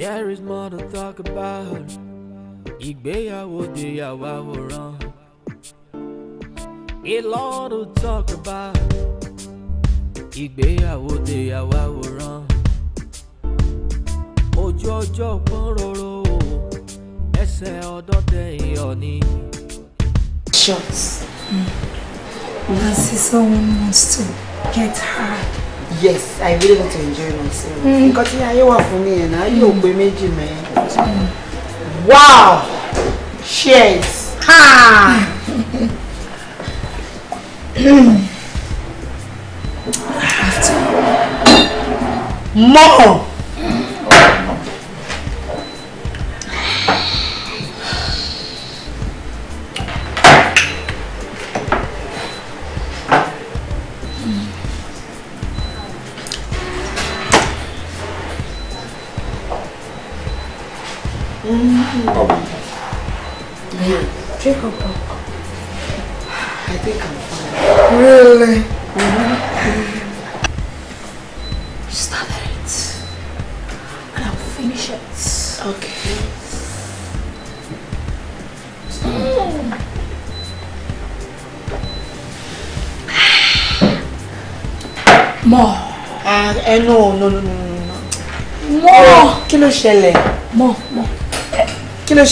There is more to talk about. Ìgbéyàwó déyàwó àwòrán. A lot to talk about. Ìgbéyàwó déyàwó àwòrán. Ojú ọjọ́ pọ́n roro. Ẹsẹ̀ ọ̀dọ́ tẹ ìyọ̀ ni. Shots. Mm. Nancy, someone wants to get hard yes i really want to enjoy myself. Mm, nǹkan tí ayé wà fún mi yẹn náà yóò pé méjì mẹ́rin. wow cheers. Ha! more.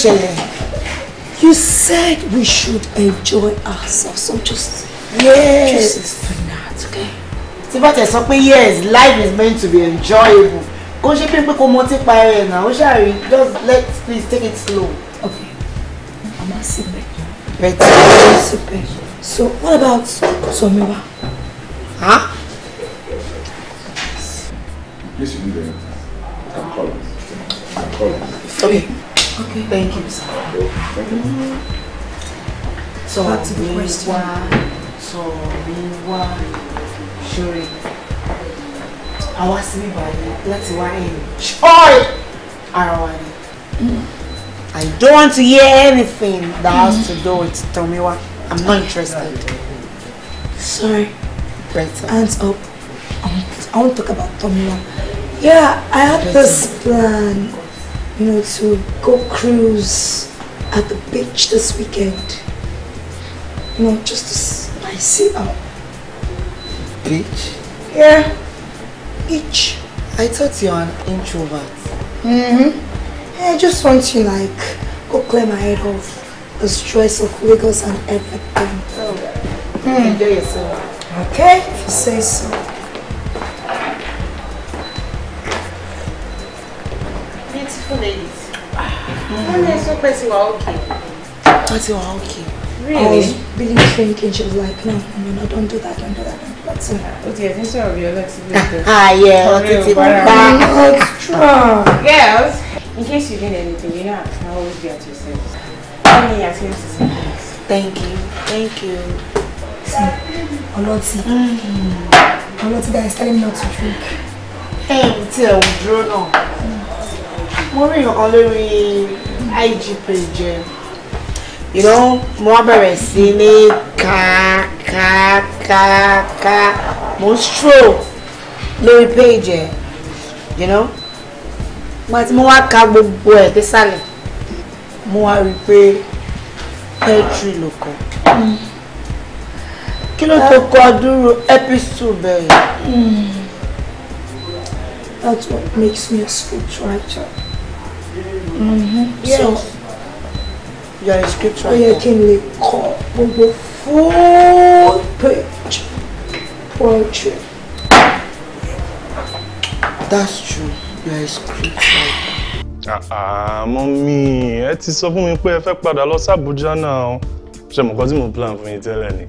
ló You said we should enjoy ourselves, so just yes. just for now, okay? Tí bá tẹ̀ sọ yes, life is meant to be enjoyable. Kò ṣe pé pé kò mọ tí pa just let please take it slow. Okay, I'm not sick. Better. So what about Somiwa? So wá sọ̀rọ̀ wá ṣòro àwa sí bíbá yìí láti wá ẹ̀yìn ṣọ́ọ̀rì ara I don't want to hear anything that has to do with Tomiwa. I'm not interested. Sorry. Right. Hands up. I won't talk about Tomiwa. Yeah, I had this plan, you know, to go cruise at the beach this weekend. You know, just to spice it up. Beach? Yeah. Beach. I thought you're an introvert. Mm-hmm. I just want to like go clear my head off the stress of Lagos and everything. Oh, mm. enjoy yourself. Okay, if you say so. Beautiful lady wọ́n lè sọ pé ti wà ókè. wọ́n ti wà Really? I was really fake and she was like, no, no, no, don't do that, don't do that, don't do that. So, ó ti ẹ̀sìn sọ̀rọ̀ bí Ah yeah. dé. Ayẹ ọtí ti bá. Girls, in case you need anything, you know I always be at your service. Let me ask you Thank you, thank you. See, ọlọ́tí. Mm. ọlọ́tí guy is telling me not to drink. Ẹ ti ẹ̀ wù dúró mo rí nǹkan lórí IG page you know mo wá bẹ̀rẹ̀ sí ní kàkàkàkà mo stroll lórí page you know gba tí mo wá ka gbogbo ẹ̀ désàlẹ̀ mo wá rí i pé pẹ́ẹ́tì ló kọ kí ló tó kọ dúró episode bẹ́ẹ̀. Hmm. That's what makes me a spiritual child. Mm-hmm. so you are a script oh, writer. ó yẹ kí n full page poetry. that's true you are a script writer. àmọ́ ah, mi ẹ ti sọ fún mi pé ẹ fẹ́ padà lọ sí Àbújá náà ṣe mọ̀ kọ́ tí mo plan fún yín tẹ́lẹ̀ ni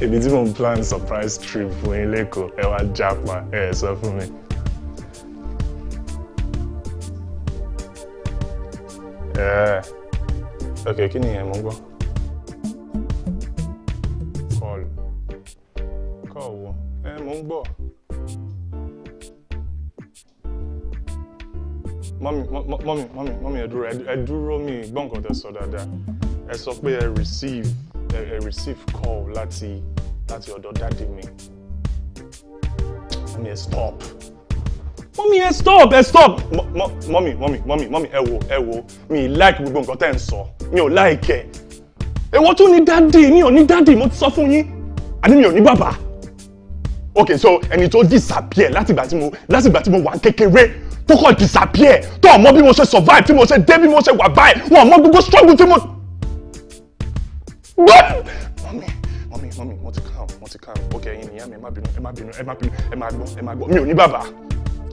èmi tí mo plan surprise trip for yín lẹ́kọ̀ọ́ ẹ wá jápa ẹ sọ fún ẹ eh, ok kí ni ìyẹn mo ń gbọ́. kọ́ọ̀lù kọ́ọ̀lù ẹ mo ń gbọ́. mọ́mí mọ́mí mọ́mí mọ́mí ẹ dúró ẹ dúró mi gbọ́ nǹkan tẹ́ sọ dáadáa ẹ sọ pé receive ẹ ẹ receive call láti láti ọ̀dọ̀ dáàdi mi. I mean stop mọ́mí ẹ stop ẹ stop mọ́mí mọ́mí mọ́mí mọ́mí ẹ wo ẹ wo mi like gbogbo nǹkan tẹ́ ń sọ mi ò like ẹ èwo tún ní dáàdì mi ò ní dáàdì mo ti sọ fún yín àní mi ò ní bàbá ok so ẹni tó disappear látìgbà tí mo látìgbà tí mo wà kékeré tó kàn disappear tó ọmọ bí mo ṣe survive tí mo ṣe dé bí mo ṣe wà báyìí wọn ọmọ gbogbo struggle tí mo. gbọ́dọ̀ mọ́mí mọ́mí mọ́mí mo ti calm mo ti calm ok ẹ̀yin nìyá mi ẹ má bínú ẹ má bínú ẹ má bínú ẹ má gbọ́ ẹ má gbọ́ mi ò ní bàbá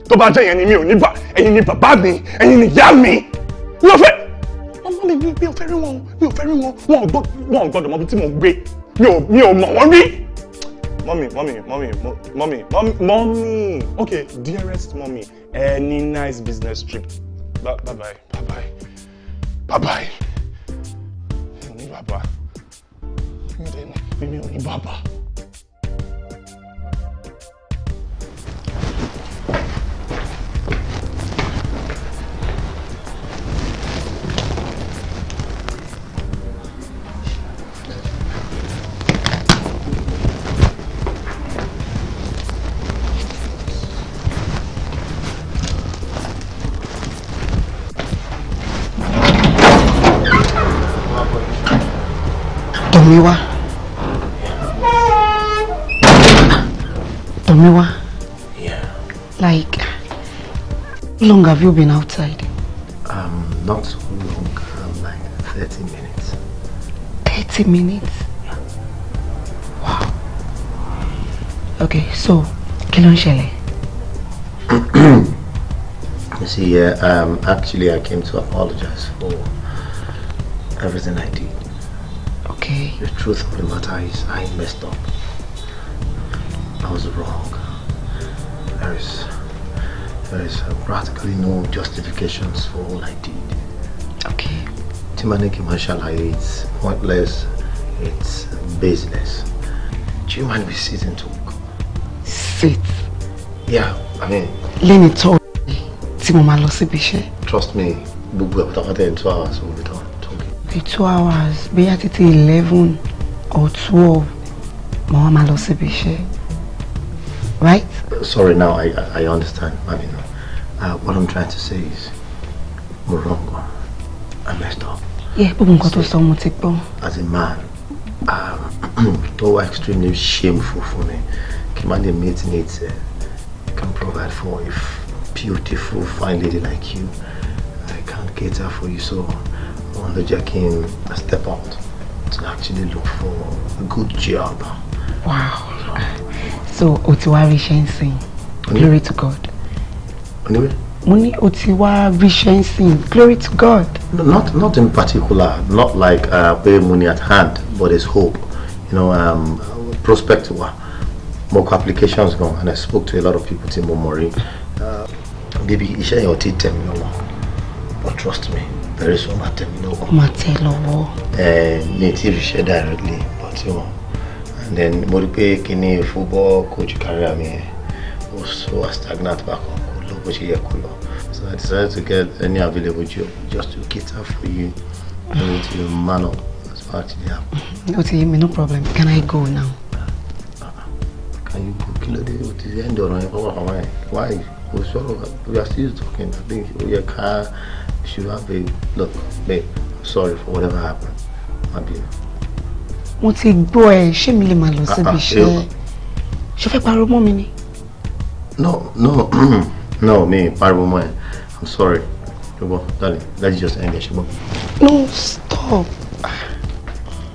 tó bá jẹ́ yẹn ni mi ò ní bà ẹ̀yin ni bàbá mi ẹ̀yin ni ìyá mi mi ò fẹ́ ọmọ mi mi mi ò fẹ́ rí wọn mi ò fẹ́ rí wọn wọn ò gbọ́ wọn ò gbọ́dọ̀ mọ bí tí mo gbé mi ò mi ò mọ̀ wọ́n rí. mọ́mì mọ́mì mọ́mì mọ́mì mọ́mì okay dearest mọ́mì any nice business trip bye bye bye bye bye bye mi ò ní bàbá mi ò ní bàbá. Tọ́míwá Tọ́míwá yeah. like how long have you been outside? Um, not so long, um, like 30 minutes. 30 minutes? Yeah. Wow. Okay, so, kí ló You see, uh, um, actually I came to apologize for everything I did. The truth of the matter is I messed up. I was wrong. There is, there is practically no justifications for all I did. Okay. Timaniki Mashallah, it's pointless. It's business. Do you mind we sit and talk? Sit? Yeah, I mean... Let me talk. tí mo máa lọ síbi iṣẹ́. Trust me, gbogbo ẹ̀ pátápátá ẹ̀ ń tó àwọn aṣọ òbí bíi two hours bóyá títí eleven or twelve mo wá máa lọ síbi iṣẹ́ right. sorry now i i understand i mean uh, what i'm trying to say is mo wrong one i messed up. yeah gbogbo nǹkan tó sọ mo ti gbọ́. as a man uh, tó um, wá extremely shameful for me kí n má dey meet needs uh, can provide for a beautiful fine lady like you i can't cater for you so òun ló jẹ́ kí step out to actually look for a good job. wow so o ti glory to God. Anyway, mo ní o glory to God. No, not not in particular not like uh, pé mo money at hand but there's hope you know um, prospect wa More applications gone, and I spoke to a lot of people tí mo mọ̀ rí. Uh, baby iṣẹ́ yẹn ò tí but trust me very soon máa tẹ̀ mí lọ́wọ́. ó máa tẹ̀ lọ́wọ́. ẹ mi ti ríṣẹ́ directly but you know and then mo rí pé kíní football coach career mi ó so stagnant bákan kò lọ bó ṣe yẹ kó lọ so I decided to get any available job just to cater for you and to man up as far as they happen. ó ti yé mi no problem can I go now. Uh-uh. can you go kí ló dé o ti end ọ̀rọ̀ yẹn pápá pàmò yẹn why o sọ̀rọ̀ we are still talking I think o yẹ ká should I be, look, babe, I'm sorry for whatever happened. My dear. Mo ti gbọ́ ẹ, ṣé mi lè máa lọ ah, ah, síbi iṣẹ́? Ṣé o fẹ́ pariwo mọ́ mi ni? No, no, no, mi pariwo mọ́ ẹ. I'm sorry. Ṣùgbọ́n, darling, let's just end it, ṣùgbọ́n. No, stop.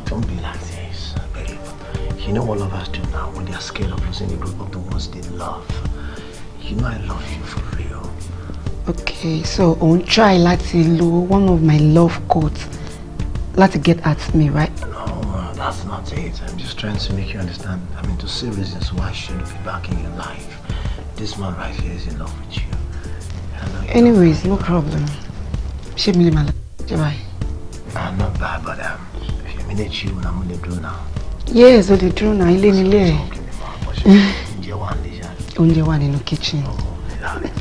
Don't be like this, babe. You know what lovers do now when they are scared of losing a group of the ones they love. You know I love you for okay so òun try láti lo one of my love quotes láti get at me right. no uh, that's not it i'm just trying to make you understand i mean to see reasons why she should be back in your life this man right here is in love with you. anyways no problem ṣé mi lè máa lọ i'm not bad but um, if you minute you I'm only now. Yes, na mo lè dúró náà. yes o lè dúró náà ilé nílé ẹ. oúnjẹ wà nínú kitchen. Oh, yeah.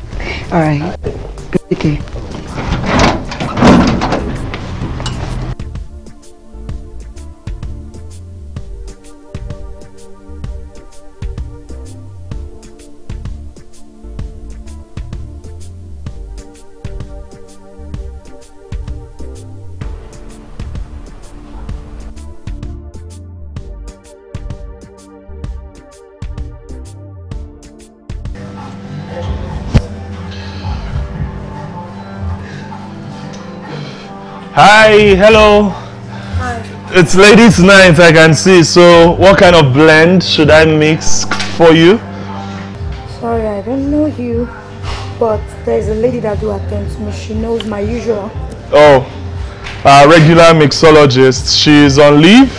All right. Good day. Hi, hello. Hi. It's ladies' night, I can see. So, what kind of blend should I mix for you? Sorry, I don't know you, but there's a lady that do attend to me. She knows my usual. Oh, a regular mixologist. She's on leave.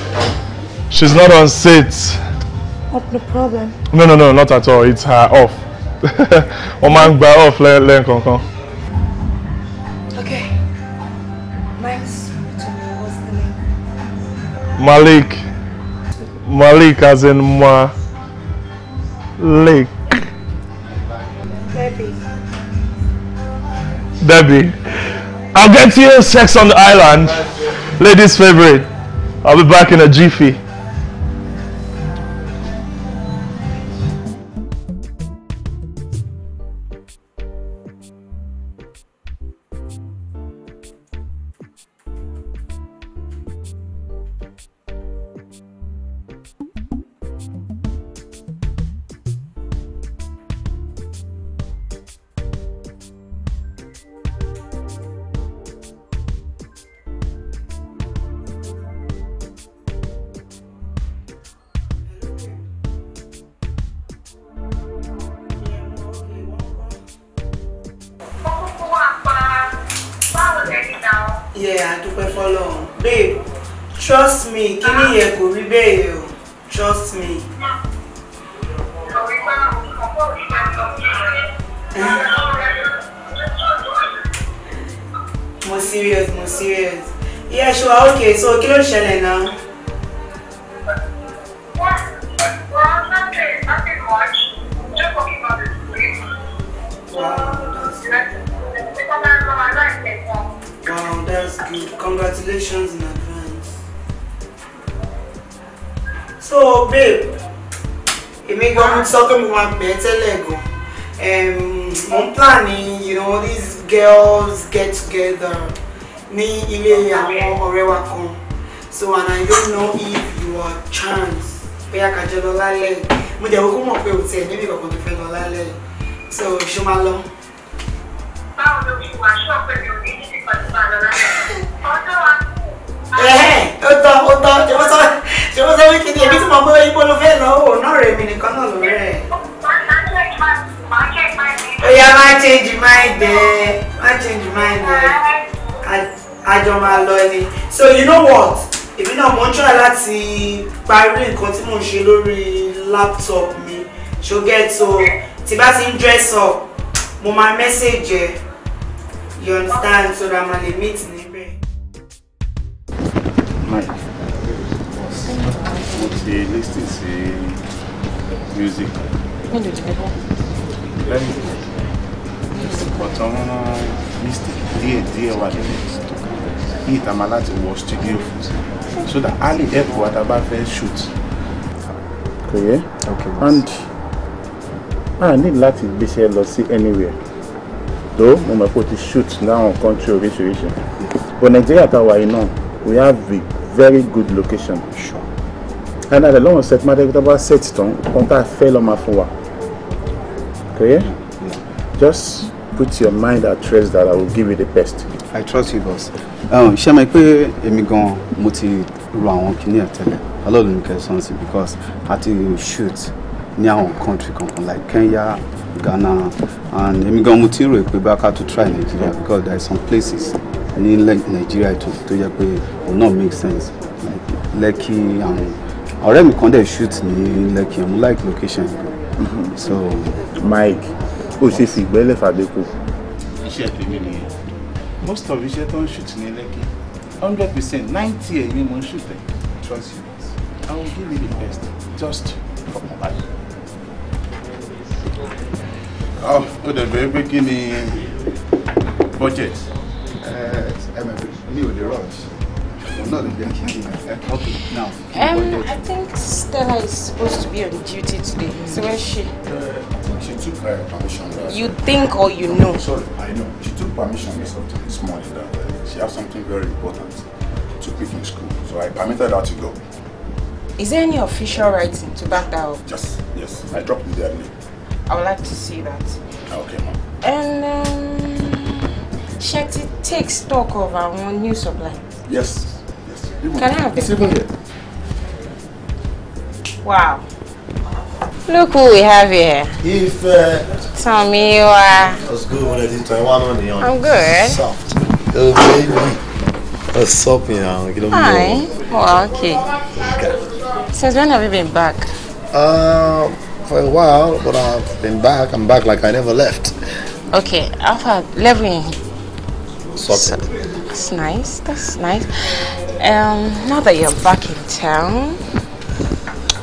She's not on set. Not the problem. No, no, no, not at all. It's her off. Oman gba off come. Malik. Malik as in Ma. Lake. Debbie. Debbie. I'll get you sex on the island. Ladies' favorite. I'll be back in a jiffy. message ẹ eh? you understand so that ma lè meet níbẹ̀. mike mo ti listen sí music. mi lè dìbò bọ́. lẹ́yìn ọ̀tọ̀ wọn mistake díẹ̀ díẹ̀ wà lẹ́yìn ní ìtàmà láti wọ studio so that a lè help wa tá a bá shoot. kò yẹ and I need láti gbéṣẹ́ lọ sí anywhere tó mo mọ̀ pé o ti shoot on country oríṣiríṣi but Nàìjíríà tá a wà yìí náà we have a very good location. Sure. and àlẹ́ lọ́wọ́n set máa dẹ́gbẹ́ta bá set tán kọ́ńtà fẹ́ lọ́ máa fún wa okay just put your mind at rest that I will give you the best. I trust you boss. Um, ṣé mo pé èmi gan mo ti ro àwọn kìíní ẹ̀ tẹ́lẹ̀ ọlọ́run kẹsàn-án sí because àti shoot ní àwọn country kankan like Kenya Ghana and èmi gan mo ti rò pé bá ká to try Nigeria because there are some places ní Nigeria tó tó jẹ́ pé o no make sense like Lekki and ọ̀rẹ́ mi kan dẹ̀ shoot ní Lekki mo like location mhm. so. Mike ó ṣe fi ìgbẹ́lẹ̀ fàdékù. iṣẹ́ tèmi nìyẹn most of iṣẹ́ tó ń shoot ní Lekki hundred percent ninety ẹ̀ ni mo ń shoot ẹ̀ trust you I will give you the best just for my life. Ah, ó dẹ̀ bẹ̀rẹ̀ pé kí ni budget. Eh, eh, mi ò lè rush òun náà lè jẹ́ kí n eh, ok now. Um, I think Stella is supposed to be on duty today so where is she. Uh, she took her permission. You think or you know. Oh, sorry, I know she took permission this afternoon this morning that she has something very important to pick in school so I permitted her to go. Is there any official writing to back that up? Yes, yes. I dropped the their name. I would like to see that. Ah, okay, ma'am. And um, Shakti takes stock of our new supply. Yes, yes. Can I have it? even here. Wow. Look who we have here. If uh, Tommy, you are. That's good when I did 21 on the I'm good. Soft. Oh baby. What's up, you know? Hi. Well, oh, okay. okay. Since when have you been back? Um. Uh, for a while, but I've been back. I'm back like I never left. Okay, Alpha, let me. So, that's nice. That's nice. Um, now that you're back in town,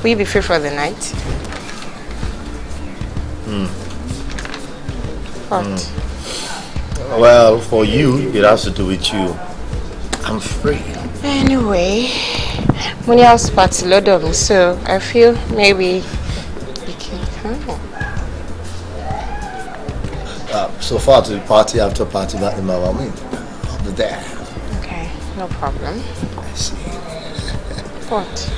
will you be free for the night? Hmm. What? Mm. Well, for you, it has to do with you. I'm free. Anyway, Munia's party load on me, so I feel maybe Uh, so far to party after party back in my Mawami. I'll be there. Okay, no problem. I see. what?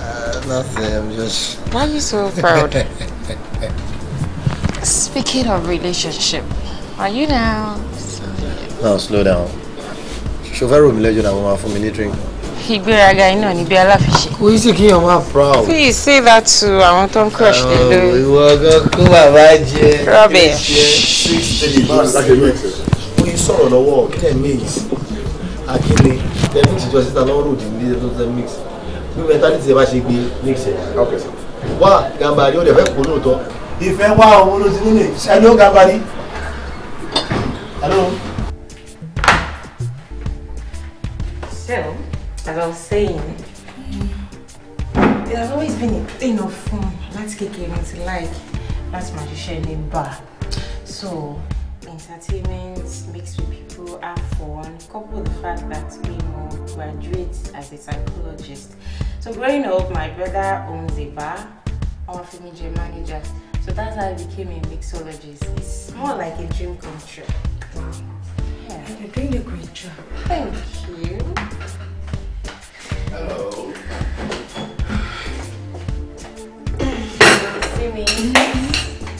Uh, nothing, I'm just... Why are you so proud? Speaking of relationship, are you now... Now slow down. Chauffeur, I'm going to drink ìgbéraga iná níbi aláfiṣe. kò í sì kí èèyàn máa proud. please say that to àwọn tó ń crush lé lórí. ìwọ gan kó bàbá jẹ rubbish. sọ̀rọ̀ lọ́wọ́ kí ẹ̀ mix ti jọ síta lọ́wọ́ rò dìbò nílé tó tẹ́ mix bí mentality bá ṣe gbé mix wá gàmbàrí ó lè fẹ́ kó lóòótọ́. ìfẹ́ wá òun ló ti nílé ṣáájú ó gàmbàrí. Hello as I was saying, mm. it has always been a thing of fun hmm, láti kékeré ti like láti máa ṣiṣẹ́ bar. So, entertainment, mixed with people, have fun, couple with the fact that we will graduate as a psychologist. So growing up, my brother owns a bar, our family manager. So that's how I became a mixologist. It's more like a dream come true. Yeah. And you're doing a great job. Thank you.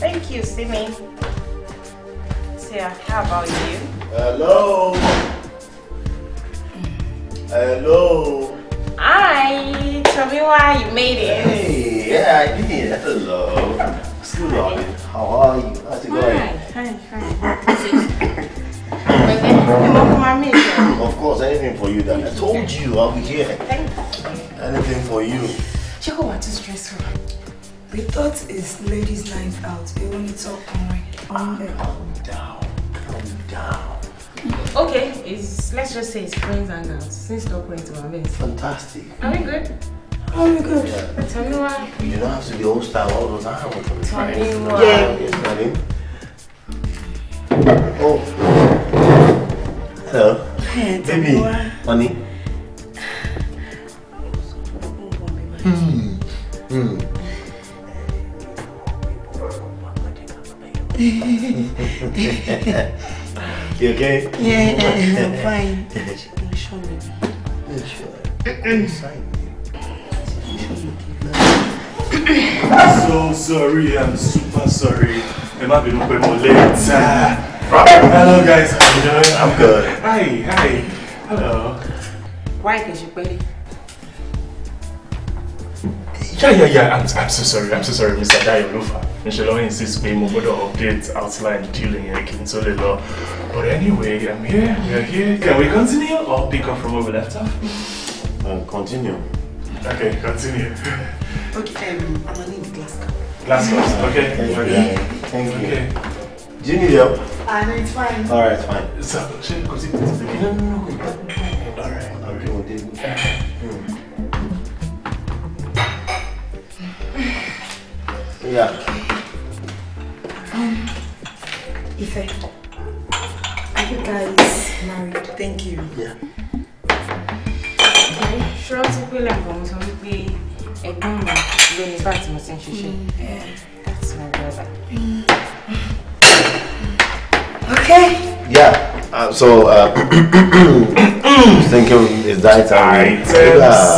Thank you, Simi. how about you? Hello. Hello. Hi. Tell me why you made it. Hey, yeah, I did. Hello. School How are you? How's it going? Hi, hi, hi. of course, anything for you, Dad. I told you I'll be here. Thank you. Anything for you. Jacob, what is stressful? The thought is ladies' night out. They We only talk online. Calm down. Calm down. Okay, it's let's just say it's friends and girls. Since the point to my best. Fantastic. Are we good? Oh my god. Yeah. Tell me why. You don't have to be old style all the time with them. Tell me why. Yeah. Oh. Hello. Hey, Baby, honey. Hmm. Hmm. you okay? Yeah, I'm fine. Show me. Sure. so sorry, I'm super sorry. Ẹ má bínú bit more later. Ah. Hello guys, how you doing? I'm good. Hi, hi. Hello. Why is your ready? Yeah, yeah, yeah. I'm, I'm so sorry. I'm so sorry, Mr. Dayo Lufa. Michelle insists pé mo gbọ́dọ̀ update outline dealing and kí n tó But anyway, I'm here. We're here. Can we continue or pick up from where we left off? Uh, continue. Okay, continue. Okay, um, I'm gonna need glass cup. Okay. Thank okay. Thank you. Okay. Do you need help? I ah, know it's fine. All right, fine. So, she could see this thing. No, no, no. All right, all right. What did Yeah. Um, Ife, are you guys married? Thank you. Yeah. Ṣọ́rọ́ ti pé lẹ́kọ̀ọ́ mo sọ wípé ẹ̀gbọ́n mi ló ní bá àti mo ti ń ṣiṣẹ́. Mm, That's my brother. Mm. Okay. Yeah. Uh, so uh, thinking is that time. Item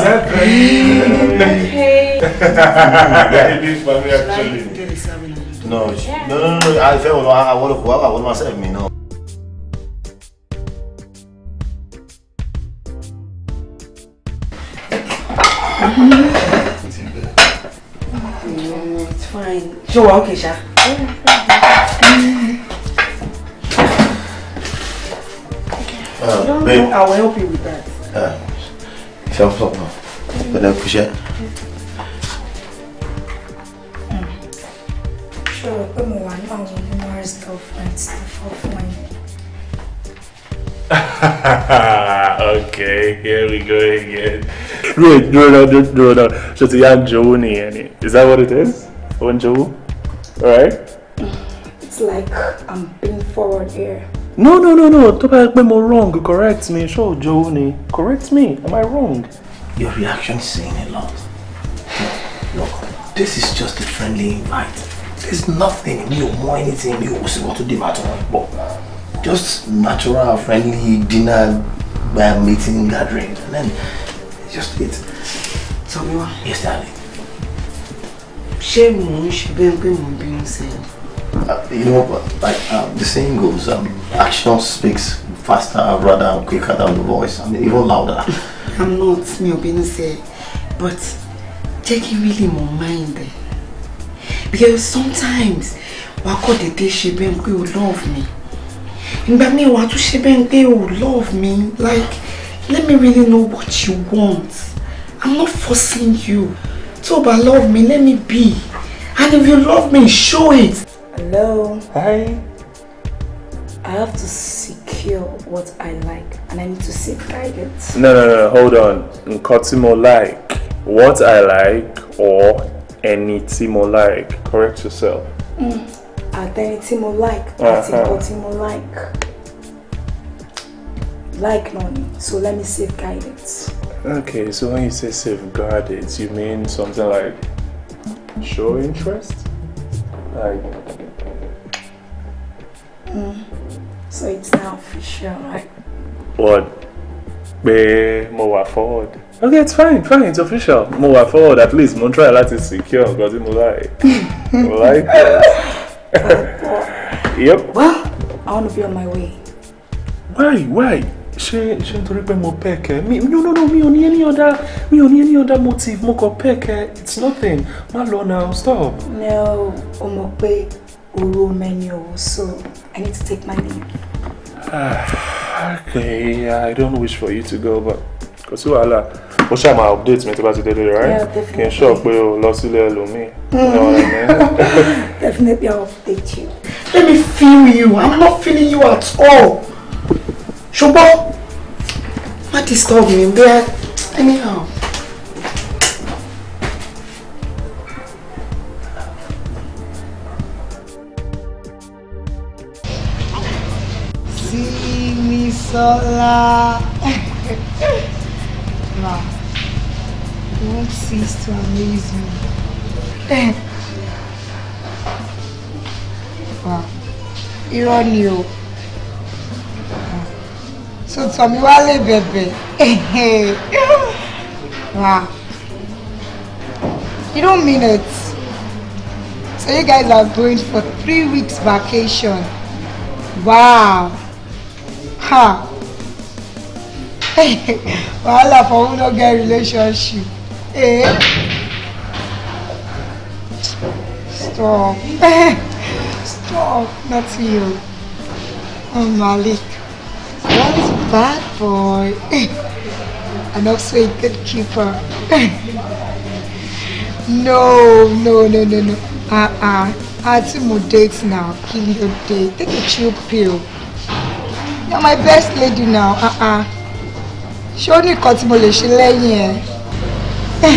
Okay. yeah. It is for me actually. No, yeah. no, no, no. I feel I want to go I want myself. Uh, me no. It's fine. Sure, okay, Sha. Uh, no, babe. no, I will help you with that. Uh, self help now. But mm. I appreciate it. Mm. Sure, put more one on numerous girlfriends to fall okay, here we go again. Wait, no, no, no, no, no. So it's Yan Jouni, is that what it is? One Joe? Alright? It's like I'm being forward here no no no no tó bá yẹ pé mo wrong correct me ṣé òjò ó ni correct me am I wrong. your reaction is saying a lot look this is just a friendly invite there's nothing mi ò mọ anything mi ò sì wọ́n tó dé màá tó wọ́n pọ̀ just natural friendly dinner by um, meeting gathering and then just it. tọ́lá yes darling. ṣé mo ń ṣe bẹ́ẹ̀ pé mo bínú sẹ́yìn uh, you know, like uh, the saying goes, um, action speaks faster, rather, and quicker than the voice, and even louder. I'm not, mi ò bínú ṣe, but taking really my mind eh? because sometimes wàá kọ́ dédé ṣe bẹ́ẹ̀ pé o love me ìgbà míì wàá tún ṣe bẹ́ẹ̀ pé o love me like let me really know what you want I'm not forcing you tó o love me let me be and if you love me show it. Hello. Hi. I have to secure what I like and I need to safeguard it. No, no, no, hold on. Nkotimo like. What I like or any Timo like. Correct yourself. Mm. Atenitimo like. Atenitimo uh -huh. like. Like money. So let me safeguard it. Okay, so when you say safeguard it, you mean something like show interest? Like So it's now official, right? What? Pé mo wà forward. Okay, it's fine, fine, it's official. Mo wà forward, at least mo try láti secure nǹkan tí mo like. Mo like that. Yep. Well, I want to be on my way. Why? Why? ṣé ṣé nítorí pé mo pẹ́ẹ̀kẹ́ mi no no no mi ò ní any other mi ò ní any other motive mo kàn pẹ́ẹ̀kẹ́ it's nothing má lọ now stop. no o mọ̀ pé Oro menu, so I need to take my leave. Uh, okay, yeah, I don't wish for you to go, but kò sí wàhálà ó ṣáà máa update mi tó bá ti dédé right kì í ṣọ pé o lọ sílé ẹlòmíì. definitely I'll update you. let me feel you I'm not feeling you at all. ṣùgbọ́n má disturb me there anyhow. Sola. Ma, you won't cease to amaze me. Ma, irọ́ ni o. Tuntun mi wá lè bẹ̀bẹ̀. Ma, you don't mean it. So you guys are going for three weeks vacation. Wow. Ha! wahala for who no get relationship eh stop eh, stop not you oh Malik what is bad boy eh, and also a good keeper eh. no no no no no uh-uh. Auntie, more dates now. Kill your date. Take a chill pill you're my best lady now uh-uh. ṣé ó ní nǹkan tí mo lè ṣe lẹ́yìn ẹ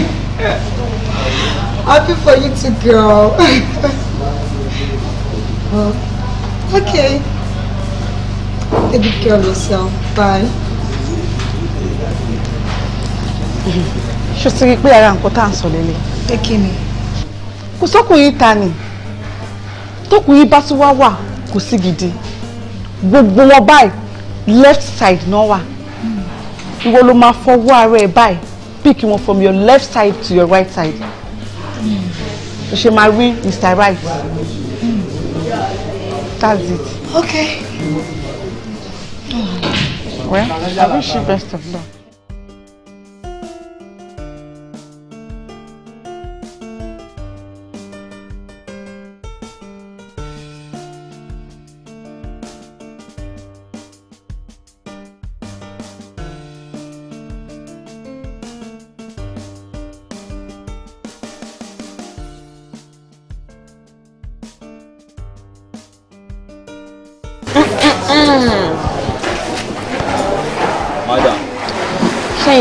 happy for you too girl well, oh, okay take good care of yourself bye. ṣó ti rí pé ara nǹkan tá à ń sọ lélẹ̀. pé kí ni. kò sọ́kùnrin ta ni tókùnrin bá tún wá wà kò sí gidi gbogbo wọn báyìí left side náà wà ìwọ ló máa fọwọ́ ara ẹ báyìí pick wọn from your left side to your right side o ṣe máa rí Mr. Right that's it. okay. Well, I wish you best of luck.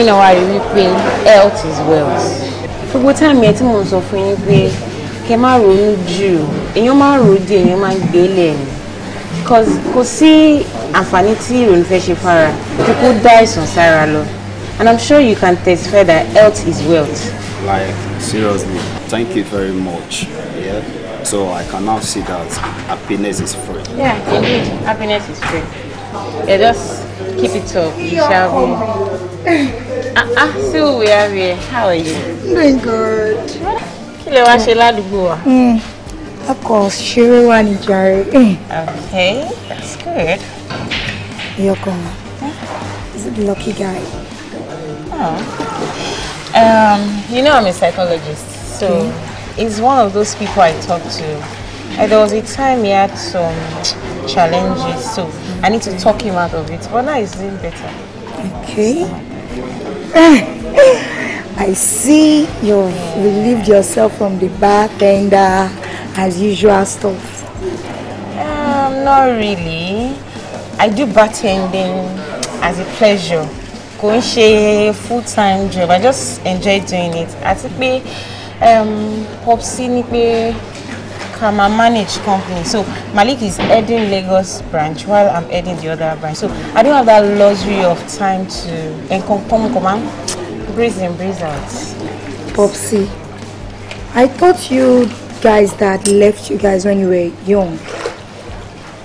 náà wá rí wípé health is wealth gbogbo táìmù ẹ tí mò ń sọ fún yín pé kẹ má ronú jù èèyàn má rò di èèyàn má gbé lẹ̀ ni kò sí àǹfààní tí ìrònú fẹ́ ṣe fara kí kó dá àìsàn sára lọ and i'm sure you can testify that health is wealth. like seriously thank you very much yeah? so i can now see that happiness is free. yeah indeed happiness is free yeah just keep it up you shall be. Ah, ah, Sue, we are here. How are you? Doing good. Kí lẹ wá ṣe ládùúgbò wa? Hmm, of course. wà ní jàre. Hmm. Okay, that's good. Yoko, it the lucky guy. Oh. Um, you know I'm a psychologist, so mm. he's one of those people I talk to. And there was a time he had some challenges, so I need to talk him out of it. But now he's doing better. Okay. So, I see you've relieved yourself from the bartender as usual stuff. Um, not really. I do bartending as a pleasure. going ń ṣe full-time job. I just enjoy doing it. Àti pé um, Popsi I'm a manage company. So Malik is heading Lagos branch while I'm heading the other branch. So I don't have that luxury of time to encompass command. Breathe in, breathe out. Popsy, I thought you guys that left you guys when you were young.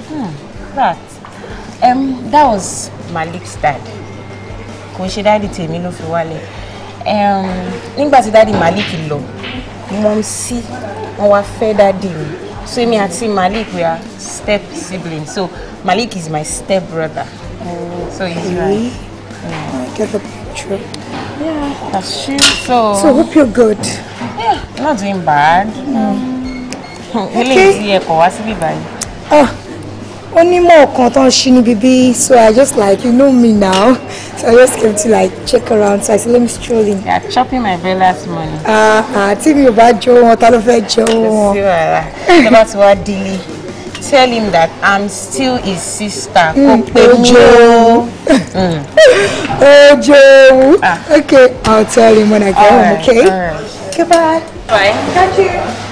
Hmm, that. Um, that was Malik's dad. Kò ṣe dáàdì tèmi Um, fi wálé. Um, nígbà tí dáàdì Malik lọ, Mumsy, wọn wá fẹ́ dáàdì mi so èmi àti Malik we are step siblings so Malik is my step brother so he's okay. Mm. get the picture. Yeah, that's true. So, so hope you're good. Yeah, not doing bad. Um, mm. okay. Ilé ìdí Oh onímọ̀ kan tó ń ṣí níbi bí so I just like you know me now so I just came to like check around so I said let me stroll in. you are chopping my last money. àti ah, ah, mi ò bá jó wọn ta ló fẹ́ jó wọn. kò sí wàhálà wá délé tell him that I'm still his sister. kò pé mi o. Mm. ojo ah. okay I'll tell him when I get home right, okay. Bye. bye. catch you.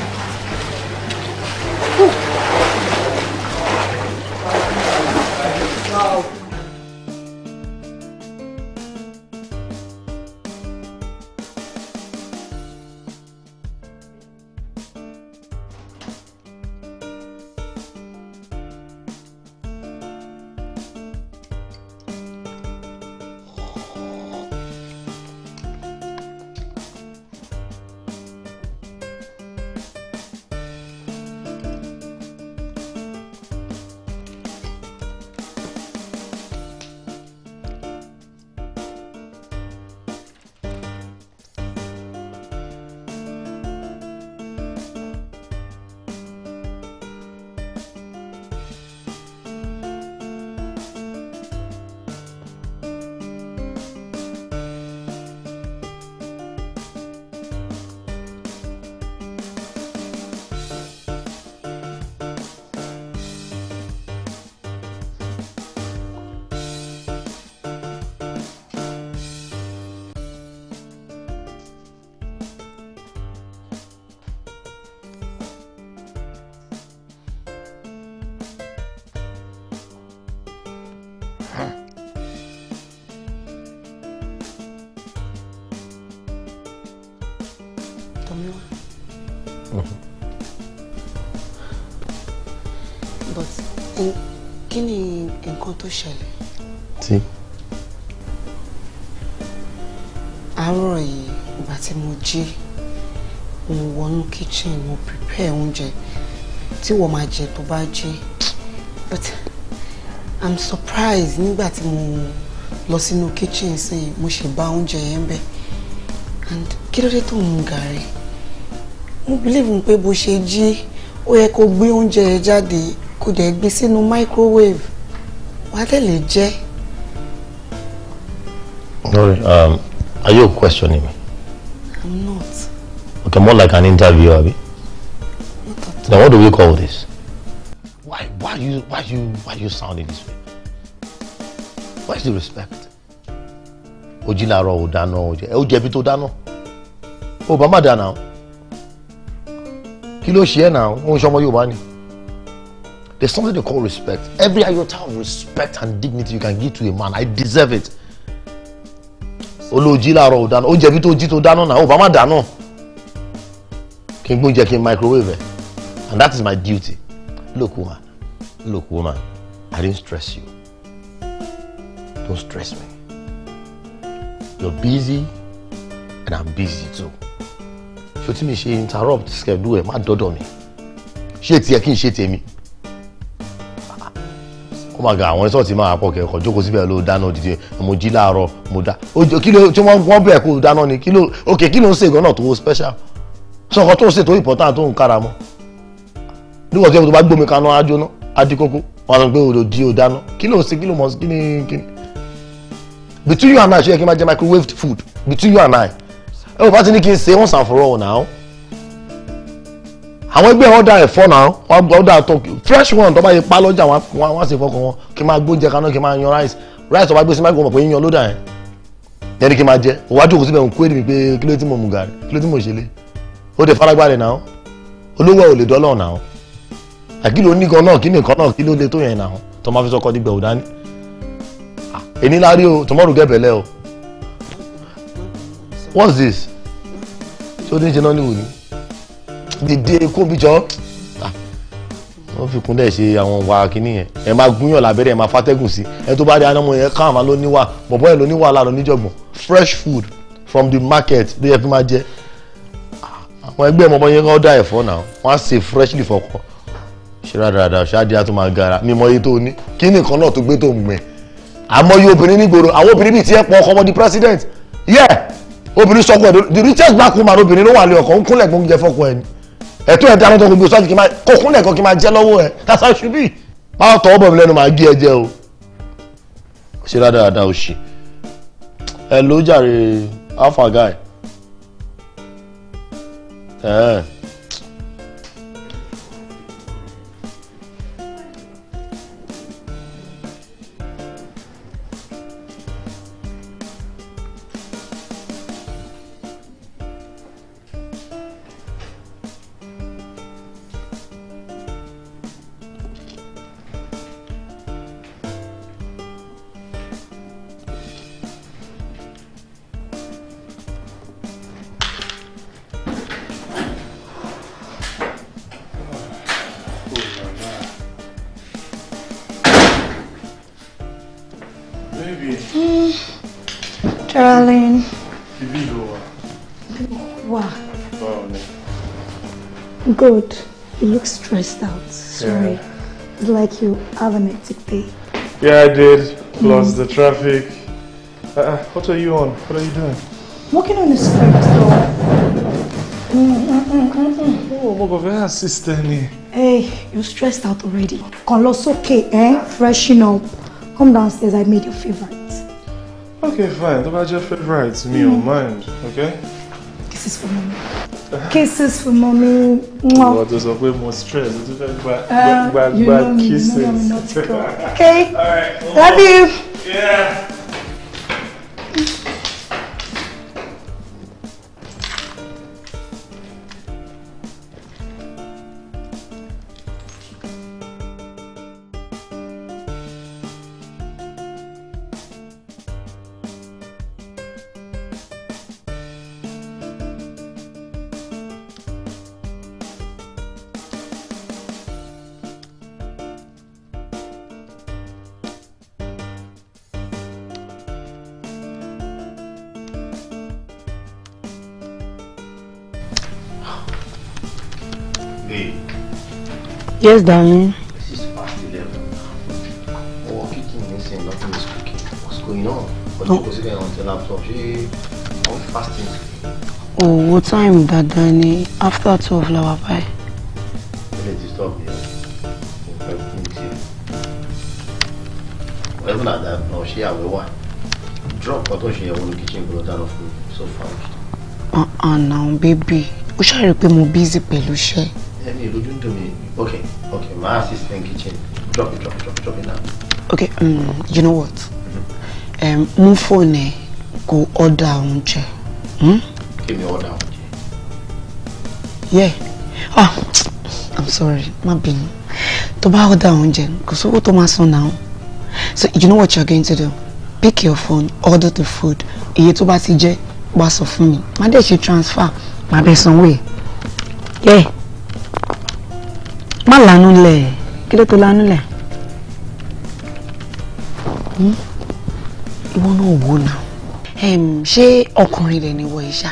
tí wọ́n máa jẹ tó bá jẹ but i'm surprised nígbà tí mo lọ sínú kitchen sìn mo ṣe bá oúnjẹ yẹn bẹ and kí ló dé tó ń mu gàrí mo believe pé bó ṣe jí ó yẹ kó gbé oúnjẹ yẹn jáde kó dẹ̀ gbé sínú microwave wàá dẹ̀ lè jẹ́. Sorry, um, are you questioning me? I'm not. Okay, more like an interview, Abby. Now, what do we call this? Why, why you, why you, why you sounding this way? Where's the respect? Ojí làárọ̀ ò dáná oúnjẹ, ó jẹbi tó dáná. Ó bá má dáná. Kí There's something they call respect. Every iota of respect and dignity you can give to a man, I deserve it. Olóòjì làárọ̀ ò dáná, ó jẹbi dano jí tó dáná náà, ó bá microwave ẹ̀ and that is my duty look woman look woman i didn't stress you don't stress me you're busy and i'm busy too ṣé mi ṣe interrupt schedule ẹ má dọ́dọ̀ mi ṣé tiẹ̀ kí n ṣe tèmi ó máa ga àwọn ẹ̀sọ́ tí máa pọ̀ kẹ́kọ̀ọ́ jókòó síbẹ̀ ló dáná dídí mo jí láàárọ̀ mo dá ojú kí ló tí wọ́n bẹ̀ kó dáná ni kí ló òkè kí ló ń ṣe gan náà tó special sọ̀kọ̀ tó ń ṣe tó important tó ń kára mọ́. níwọ̀n tí ẹ̀fọ́ tó bá gbómi kaná á jóná á á sọ pé òdò di òdáná kí ló ṣe kí ló between you and I ṣe yẹ kí n máa jẹ food between you and I ẹ wò ní kí n ṣe once ọ. àwọn ẹgbẹ́ ẹ̀fọ́ náà fresh one tó bá yẹ pa lọ́jà wọn fọkàn wọn kí n máa gbóúnjẹ kaná kí rice rice tó bá gbé sí pé yíyan kí n máa jẹ òwájú síbẹ̀ ń kó èdè mi pé kí ló àkìlò onígan náà kí ni nǹkan náà kí ló lè tó yẹn náà tó máa fi sọkọ nígbà ò dání ah, èní la rí o tomorrow get bẹ̀lẹ̀ o what's this ṣé o ní ṣe náà ní òní dèdè kóbijọ́ wọ́n fi kúnlẹ̀ ṣe àwọn wà kínní yẹn ẹ máa gúnyàn lábẹ́rẹ́ ẹ máa fàtẹ́gùn sí ẹ tó bá rí anamọ yẹn káwọn máa ló níwà bọ̀bọ́ ẹ ló níwà láàrọ̀ níjọ̀gbọ̀n fresh food from the market ló yẹ fi máa jẹ ah, àwọn ẹgbẹ́ ọmọ yẹn kọ́ dá ẹ̀fọ́ náà wọ́n á ṣe freshly fọkọ ṣe rádaràdà ṣáàdì á tún máa gara mímọ iye tó ní kí nìkan náà tó gbé tó mú ẹ àmọ́ obìnrin nígboro àwọn obìnrin bíi tiẹ̀ pọ̀ ọkọ ọmọ di president yẹ obìnrin sọkọ ẹ the richest black woman obìnrin ló wà lé ọkọ ń kúnlẹ̀ gbóúnjẹ fọkọ ẹ ni ẹ̀tọ́ ẹ̀ dáná tó kún gbé sọ́ọ̀tì kó kúnlẹ̀ kan kí n máa jẹ́ lọ́wọ́ ẹ̀ that's how it should be máa tọ́ ọ̀bọ̀ mi lẹ́nu máa gé ẹ jẹ o ṣe rádaràdà ẹ ló jàre alpha guy. Eh. good. You look stressed out. Sorry. Yeah. Like you have an hectic day. Yeah, I did. Plus mm. the traffic. Uh, uh what are you on? What are you doing? Working on the script, though. Mm, mm, mm, mm, mm. Oh, my sister? Hey, you're stressed out already. Colos okay, eh? Freshen up. Come downstairs, I made your favorite. Okay, fine. What about your favorite? Me mm. or mine, okay? This is for me. Kisses for mommy. Mwah. What was up with more stress? Um, you know me, kisses. Okay? All right. Love oh, you. Yeah. Yes, darling. This is past 11. We're kicking this and nothing is cooking. What's going on? But oh. you on the laptop. She, I'm fasting. Oh, what time is that, Danny? After 12 flower pie. Let it stop here. Even that, no, she have a one. Drop what she have on kitchen, but that of So far. Uh-uh now, baby. Ó ṣàrò pé mo busy pẹ̀lú mi lójú ń dùn mí ok my assistant kitchen drop it drop it drop it drop it now. Okay. um, you know what Um. mú fóònù ẹ kó ọ̀dà oúnjẹ. Hmm? kí ni ọ̀dà oúnjẹ. yeah ah i'm sorry My má bínú tó bá ọ̀dà oúnjẹ kò sówó tó máa san now. so you know what you're going to do pick your phone order the food iye To buy CJ. jẹ́ wá me. My day she transfer My bẹ̀ sanwó way. yeah má lanu lẹ̀ kí ló tó lanu lẹ̀ hmm? ìwọ náà wò na ṣé ọkùnrin rẹ̀ ni wọ ìṣá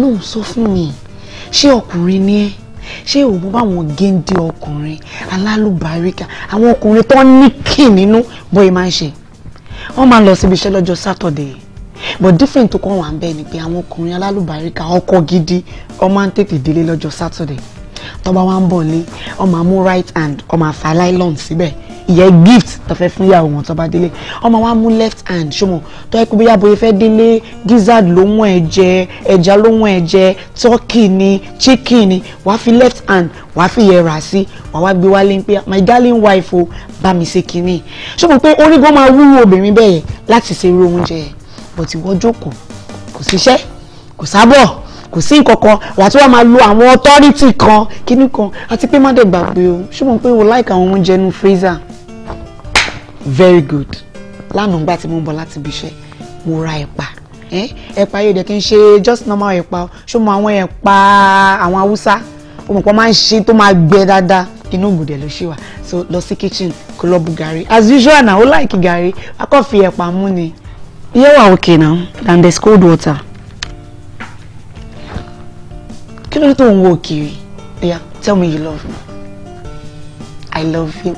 náà sọ fún mi ṣé ọkùnrin ni ẹ́ ṣé òun báwọn géńdé ọkùnrin alálùbáríkà àwọn ọkùnrin tó ní kì nínú bóyá máa ń ṣe wọ́n máa lọ síbi iṣẹ́ lọ́jọ́ sátọ̀dẹ̀ but different tó kọ́ wà ń bẹ́ẹ̀ ni pé àwọn ọkùnrin alálùbáríkà ọkọ gidi wọ́n máa ń tètè délé lọ́jọ́ sátọ̀dẹ̀ tọ́ba wa ń bọ̀ lé ọ máa right hand ọ máa fa nylon síbẹ̀ ìyẹn gift tó fẹ́ fún ìyàwó wọn tọ́ba délé ọ máa mú left hand ṣọmọ tó yẹ kó bóyá bóyá fẹ́ délé gizzard ló wọ́n ẹ jẹ ẹja ló wọ́n ẹ turkey ni chicken ni wàá fi left hand wàá fi yẹ rà sí wàá wá gbé wálé pé my darling wife o bá mi ṣe kinní ṣọmọ pé orígun máa wúwo obìnrin bẹ́ẹ̀ láti ṣe irú oúnjẹ yẹn bọ̀tí wọ́n jókòó kò síṣẹ́ kò sábọ̀ kò sí nǹkan kan wà tí wọ́n máa lo àwọn authority kan kíní kan àti pé má dẹ̀ gbàgbé o ṣùgbọ́n pé o like àwọn oúnjẹ nu freezer very good lánàá gbà tí mo ń bọ̀ láti ibi mo ra ẹ̀pà ẹ̀pà yóò dẹ̀ kí n ṣe just normal ẹ̀pà ṣó mo àwọn ẹ̀pà àwọn haúsá o mọ̀ pé máa ń ṣe tó máa gbẹ dáadáa inú ògùdẹ̀ ló ṣe wà so lọ sí kitchen kó lọ bu gàrí as usual na ó láìkí gàrí akọ́fì ẹ̀pà mú ni iye wà òkè náà and there's cold water kí ló dé tó ń wo òkìrì dear tell me you love me I love you.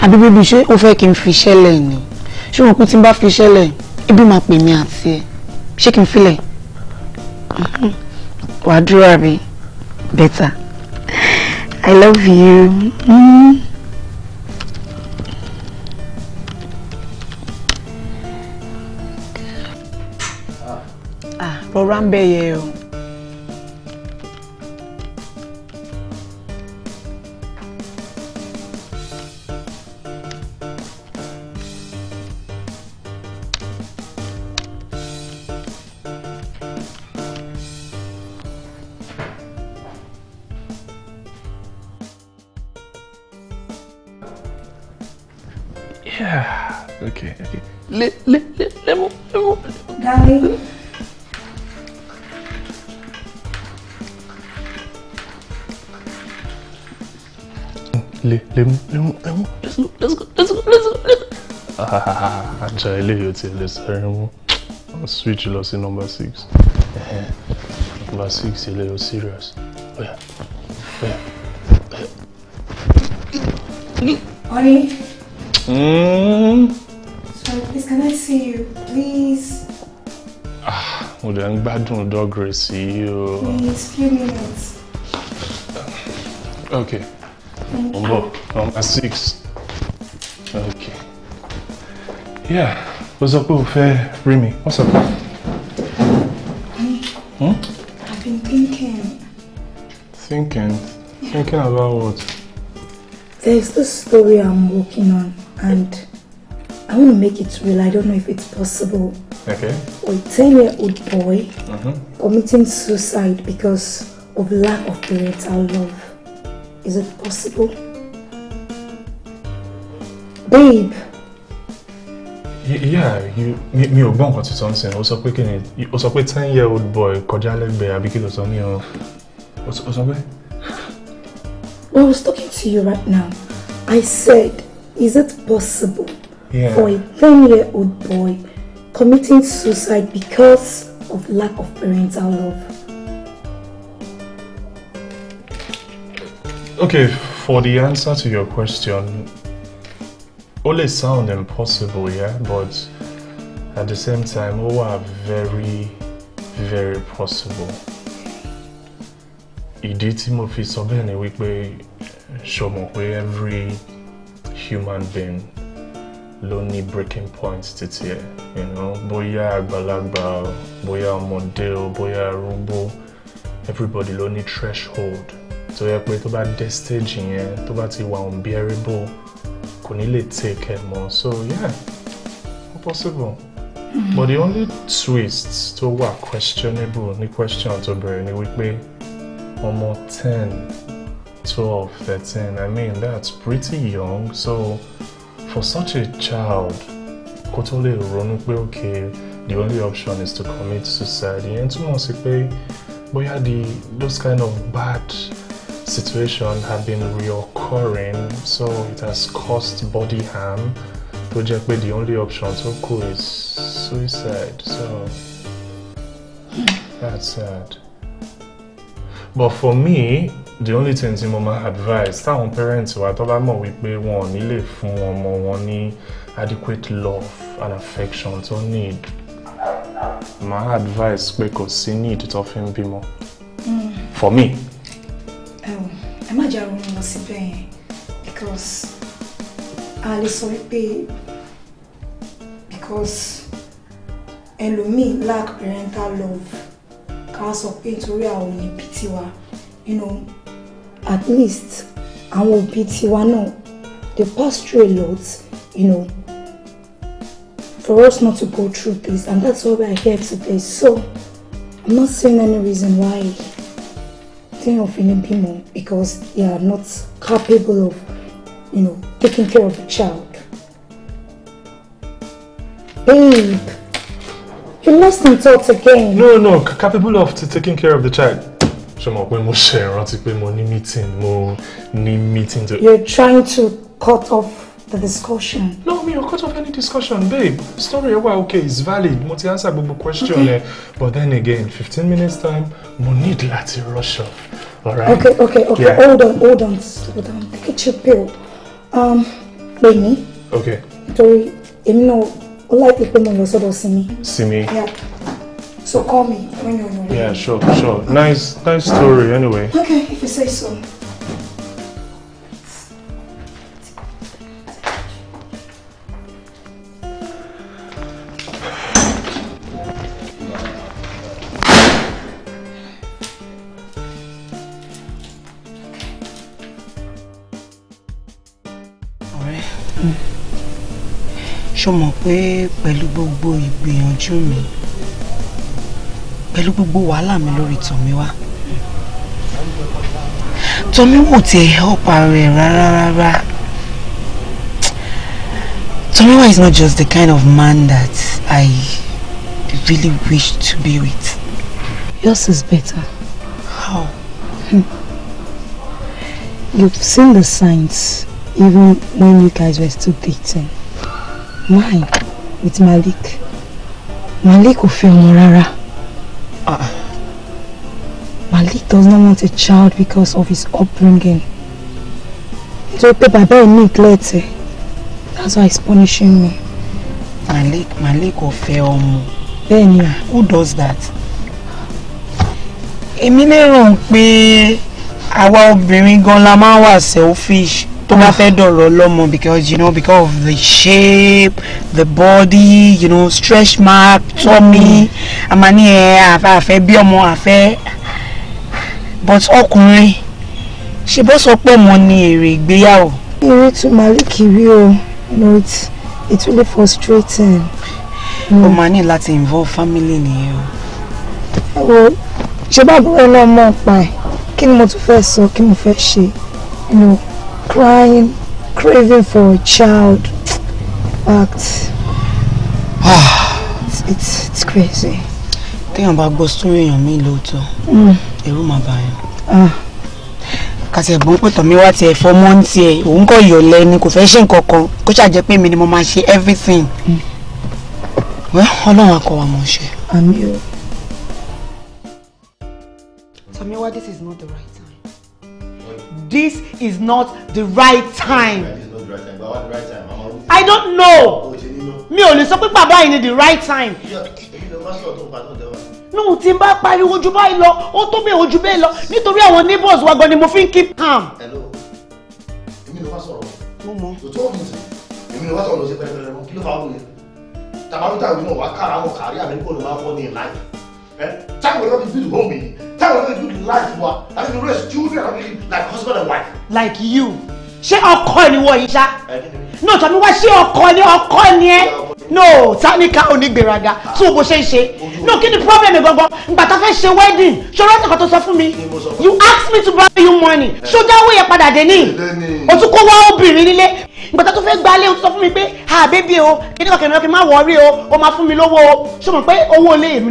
àbí bíbí ṣé o fẹ́ kí n fi ṣẹlẹ̀ ni ṣé wọn kú tí n bá fi ṣẹlẹ̀ ibi máa pè mí àti ẹ ṣé kí n filẹ̀ wàá dúró àbí better I love you. Mm. Program ń bẹ yẹ o. Yeah. Okay, okay. Le, le, le, le, le, le. Darling. lé lẹ́mú lẹ́mú lẹ́mú let's go let's go let's go let's go let's go. àjà eléyìí ò tiẹ̀ lè sáré mú switch lọ sí number six eh, number six eléyìí ò serious ọ̀yà ọ̀yà ọ̀yà. Honey. Mm. Sorry, please can I see you, please? Ah, mo dẹ̀ ń gbádùn dog race yìí o. Please, few minutes. Okay. Number, number six. Okay. Yeah. What's up, Ufe? Remy, what's up? Hmm? I've been thinking. Thinking? Thinking about what? There's this story I'm working on and I want to make it real. I don't know if it's possible. Okay. A 10 year old boy mm -hmm. committing suicide because of lack of parental love. Is it possible? Babe. yeah, mi ò gbọ́ nǹkan tuntun ń sìn, ó sọ pé kí ni, ó sọ pé ten year old boy kọjá lẹ́gbẹ̀ẹ́ àbí kí ló sọ ní ọ, ó sọ pé. When I was talking to you right now, I said, is it possible yeah. for a ten year old boy committing suicide because of lack of parental love? Okay, for the answer to your question, all sound impossible, yeah, but at the same time, all are very, very possible. Ìdí tí mo fi sọ bẹ́ẹ̀ ni wípé ṣo mọ̀ pé every human being ló ní breaking point títí ẹ̀ you know bóyá àgbàlagbà o bóyá ọmọdé o bóyá arúgbó everybody ló ní threshold tó yẹ pé tó bá dé stage yẹn tó bá ti wà unbearable kò ní lè take ẹ mọ́ so yeah possible mm-hmm. but the only twist tó wà questionable ní question tó bẹ̀rẹ̀ ni wípé ọmọ ten twelve thirteen i mean that's pretty young so for such a child kó tó lè ronú pé okay the only option is to commit suicide ìyẹn túmọ̀ sí pé bóyá the those kind of bad situation had been reoccurring, so it has caused body harm. Project the only option so cool is suicide. So that's sad. But for me, the only thing tí mo máa advise táwọn parents wa tó bá we pay one, ò ní lè adequate love and affection tó need My advice because kò need to fi ń bímọ. Mm. For me lọ síbẹ̀ because a lè pay. Because because me lack parental love Cause of pé nítorí àwọn òbí tiwa you know at least àwọn òbí tiwa náà they pass through a lot you know for us not to go through this and that's why we are here today so I'm not seeing any reason why. of any demon because they are not capable of, you know, taking care of the child. Babe, you lost not talk again. No, no, capable of taking care of the child. meeting, meeting You're trying to cut off the discussion. No, me, you cut off any discussion, babe. Story wa okay, it's valid. Multi answer gbogbo question okay. eh. But then again, 15 minutes time, mo need láti rush off. All right? Okay, okay, okay. Yeah. Hold on, hold on, hold on. Take it your pill. Um, baby. Okay. pè You know, Torí èmi náà ó láìpẹ́ pé mo see me. See me. Yeah. So call me when you're ready. Yeah, sure, sure. Nice, nice story anyway. Okay, if you say so. ṣó mọ̀ pé pẹ̀lú gbogbo ìgbìyànjú mi pẹ̀lú gbogbo wàhálà mi lórí tọ̀míwá tọ̀míwò tiẹ̀ help ara rẹ̀ rárá rárá is not just the kind of man that I really wish to be with. Yours is better. How? Hmm. You've seen the signs even when you guys were still dating. My, with Malik Malik kò fẹ́ ọmọ rárá ah. Malik does not want a child because of his upbringing nítorí pé bàbá ẹ̀ neglect ẹ̀ that's why he's punishing me. Malik Malik kò fẹ́ ọmọ. bẹ́ẹ̀ni ah, who does that. èmi lè rò pé àwa obìnrin gan la máa ń selfish tó bá fẹ́ dọ̀rọ̀ lọ́mọ because you know because of the shape the body you know stretch mark tummy amani ẹ àfẹ́ bí ọmọ àfẹ́ but ọkùnrin ṣe bó sọ pé mo ní èrè ìgbéyàwó. eré tún máa rí o no it's it's really frustrating. o mm. máa ní láti involve family nìyẹn o. ẹ wo ṣé bàbá rẹ náà mọ̀ ọ́ pa ẹ̀ kí ni mo tún fẹ́ sọ kí mo fẹ́ ṣe crying, craving for a child. Fact. it's, it's, it's crazy. Téèyàn about gbọ́ story èèyàn mi lóòótọ́. Mm. Ẹ̀rù máa bà yàn. Ah. Kàtẹ́ ẹ̀gbọ́n pẹ̀tọ̀ mi wá ti ẹ̀fọ́ mọ́ǹtì ẹ̀ òun kò yọ̀ lẹ́ni kò fẹ́ ṣe nǹkan kan kó ṣàjẹ́ pé mi ni mo máa ṣe everything. Mm. Wẹ́ Ọlọ́run akọ wa mọ̀ ṣe. Àmín o. Tọ́míwá this is not the right this is not the right time. I don't know. Oh, mi ò lè sọ pé bàbá yìí ni the right time. No, tí n bá pariwo ju báyìí lọ, ó tó bẹ́ẹ̀ ojú bẹ́ẹ̀ lọ, nítorí àwọn neighbors wa gan ni mo fi ń keep calm. Èmi ló wá sọ̀rọ̀. Mo mọ̀. Òtún ọ̀hún ti, èmi ló wá sọ̀rọ̀ lọ sí pẹ̀lẹ́pẹ̀lẹ́ mọ́, kí ló fà á wù yẹn? Tàbá ló tàbí náà wá kára wọn kárí àbẹ́kọ̀ọ́ ló máa fọ́ ní ìlànà. Eh? Time will not be built home in. Time will not be built life for. I mean, raise children and live like husband and wife. Like you. Ṣé ọkọ ẹ ni wọ yìí ṣá? Eh, no, tàbí wá ṣé ọkọ ẹ ni ọkọ ẹ ni ẹ? No, Táníkà onígbèraga tún bó ṣe ń ṣe. No, kí ni problem gangan? Ìgbà tó fẹ́ ṣe wedding, ṣọlá ọ̀sẹ̀ kan tó sọ fún mi. You ask me to borrow you money. Eh. Ṣó dáwọ́ yẹn padà dé ní? O tún kó wá obìnrin nílé gbọ́dọ̀ tó fẹ́ gbalẹ̀ o sọ fún mi pé ha ah, bébí o kí ni kọ̀kẹ́ náà kí n má wọrí o o máa fún mi lówó o ṣé mo pé owó ilé èmi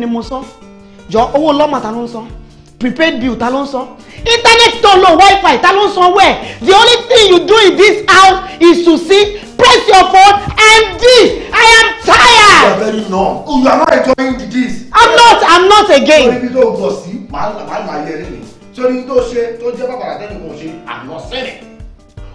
jọ owó lọ́mọ ta ló ń san prepaid bill ta ló ń san internet tó lo wifi ta ló ń san wẹ̀ the only thing you do in this house is to sit press your phone and dig I am tired. you are very numb oh, you are not enjoying the gist. I'm not I'm not again. sori ibi tó gbọ̀ sí màá màá yẹ ẹ́ nìyí sori ibi tó ṣe tó jẹ́ bàbá àtẹnukùn ṣe àná sẹ́rẹ̀.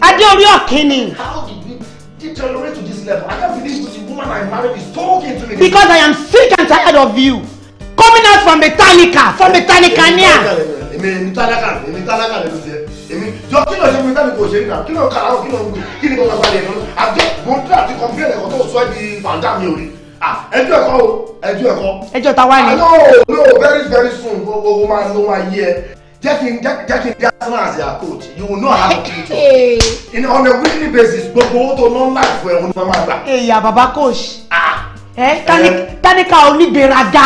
Adé orí ọ̀kín ni. How did we deteriorate to this level? I can't believe this woman I married is talking to me. Because I am sick and tired of you. Coming out from the Metallica, from the Metallica near. Èmi èmi tálákà èmi tálákà lè ló ṣe èmi jọ kí ló ṣe fún mi tábìlì kò ṣe nà kí ló kàrà ó kí ló ń gbé kí ni kò máa balẹ̀ nínú àjọ bòńtì àti kọ̀m̀pìlẹ̀ ẹ̀kọ́ tó sọ ẹ́ di fàǹdà mi ò rí ẹjọ́ ẹ̀kọ́ o ẹjọ́ ẹ̀kọ́. Ẹjọ́ ta wá ni. I know no very very soon o máa ló máa yé ẹ jẹ́ kí n jẹ́ kí n dá Arsenal as their coach you will not have a future in on a weekly basis gbogbo owó tó ná ńlá ìfọ̀ ẹ̀hún ni wọ́n máa gbà. èyà bàbá coach táníkà onígbèraga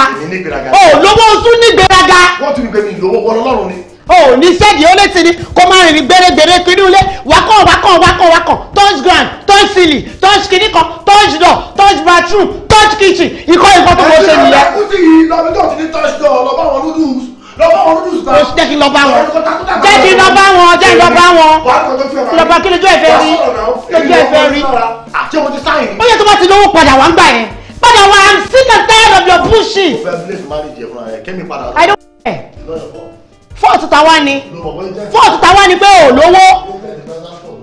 ò lówó tún nígbèraga. wọ́n tún ní gbèmí lówó wọ́n lọ́rùn ni. ò oh, ní sẹ́ẹ̀dì ó lè ti ní kó máa rìn ní gbèrègbèrè kínú ilé wákàn wákàn wákàn wákàn touch ground touch ceiling touch kìíní kan touch door touch bathroom touch kitchen ikọ́ ikọ́ tó lọ ṣe nìyẹn. ẹ ẹ kúti yìí lọ́bí touch door lọ bá wọn jẹ́ kí n lọ bá wọn jẹ́ kí n lọ bá wọn jẹ́ kí n lọ bá wọn lọ́ba kí lójú ẹ̀fẹ́ rí lójú ẹ̀fẹ́ rí ó yẹ tó bá ti lówó padà wá ń gbà yẹn padà wá I'm sick and of your bullshit. I don't care. fọ́ọ̀tù tàwa ni fọ́ọ̀tù tàwa ni pé ò lówó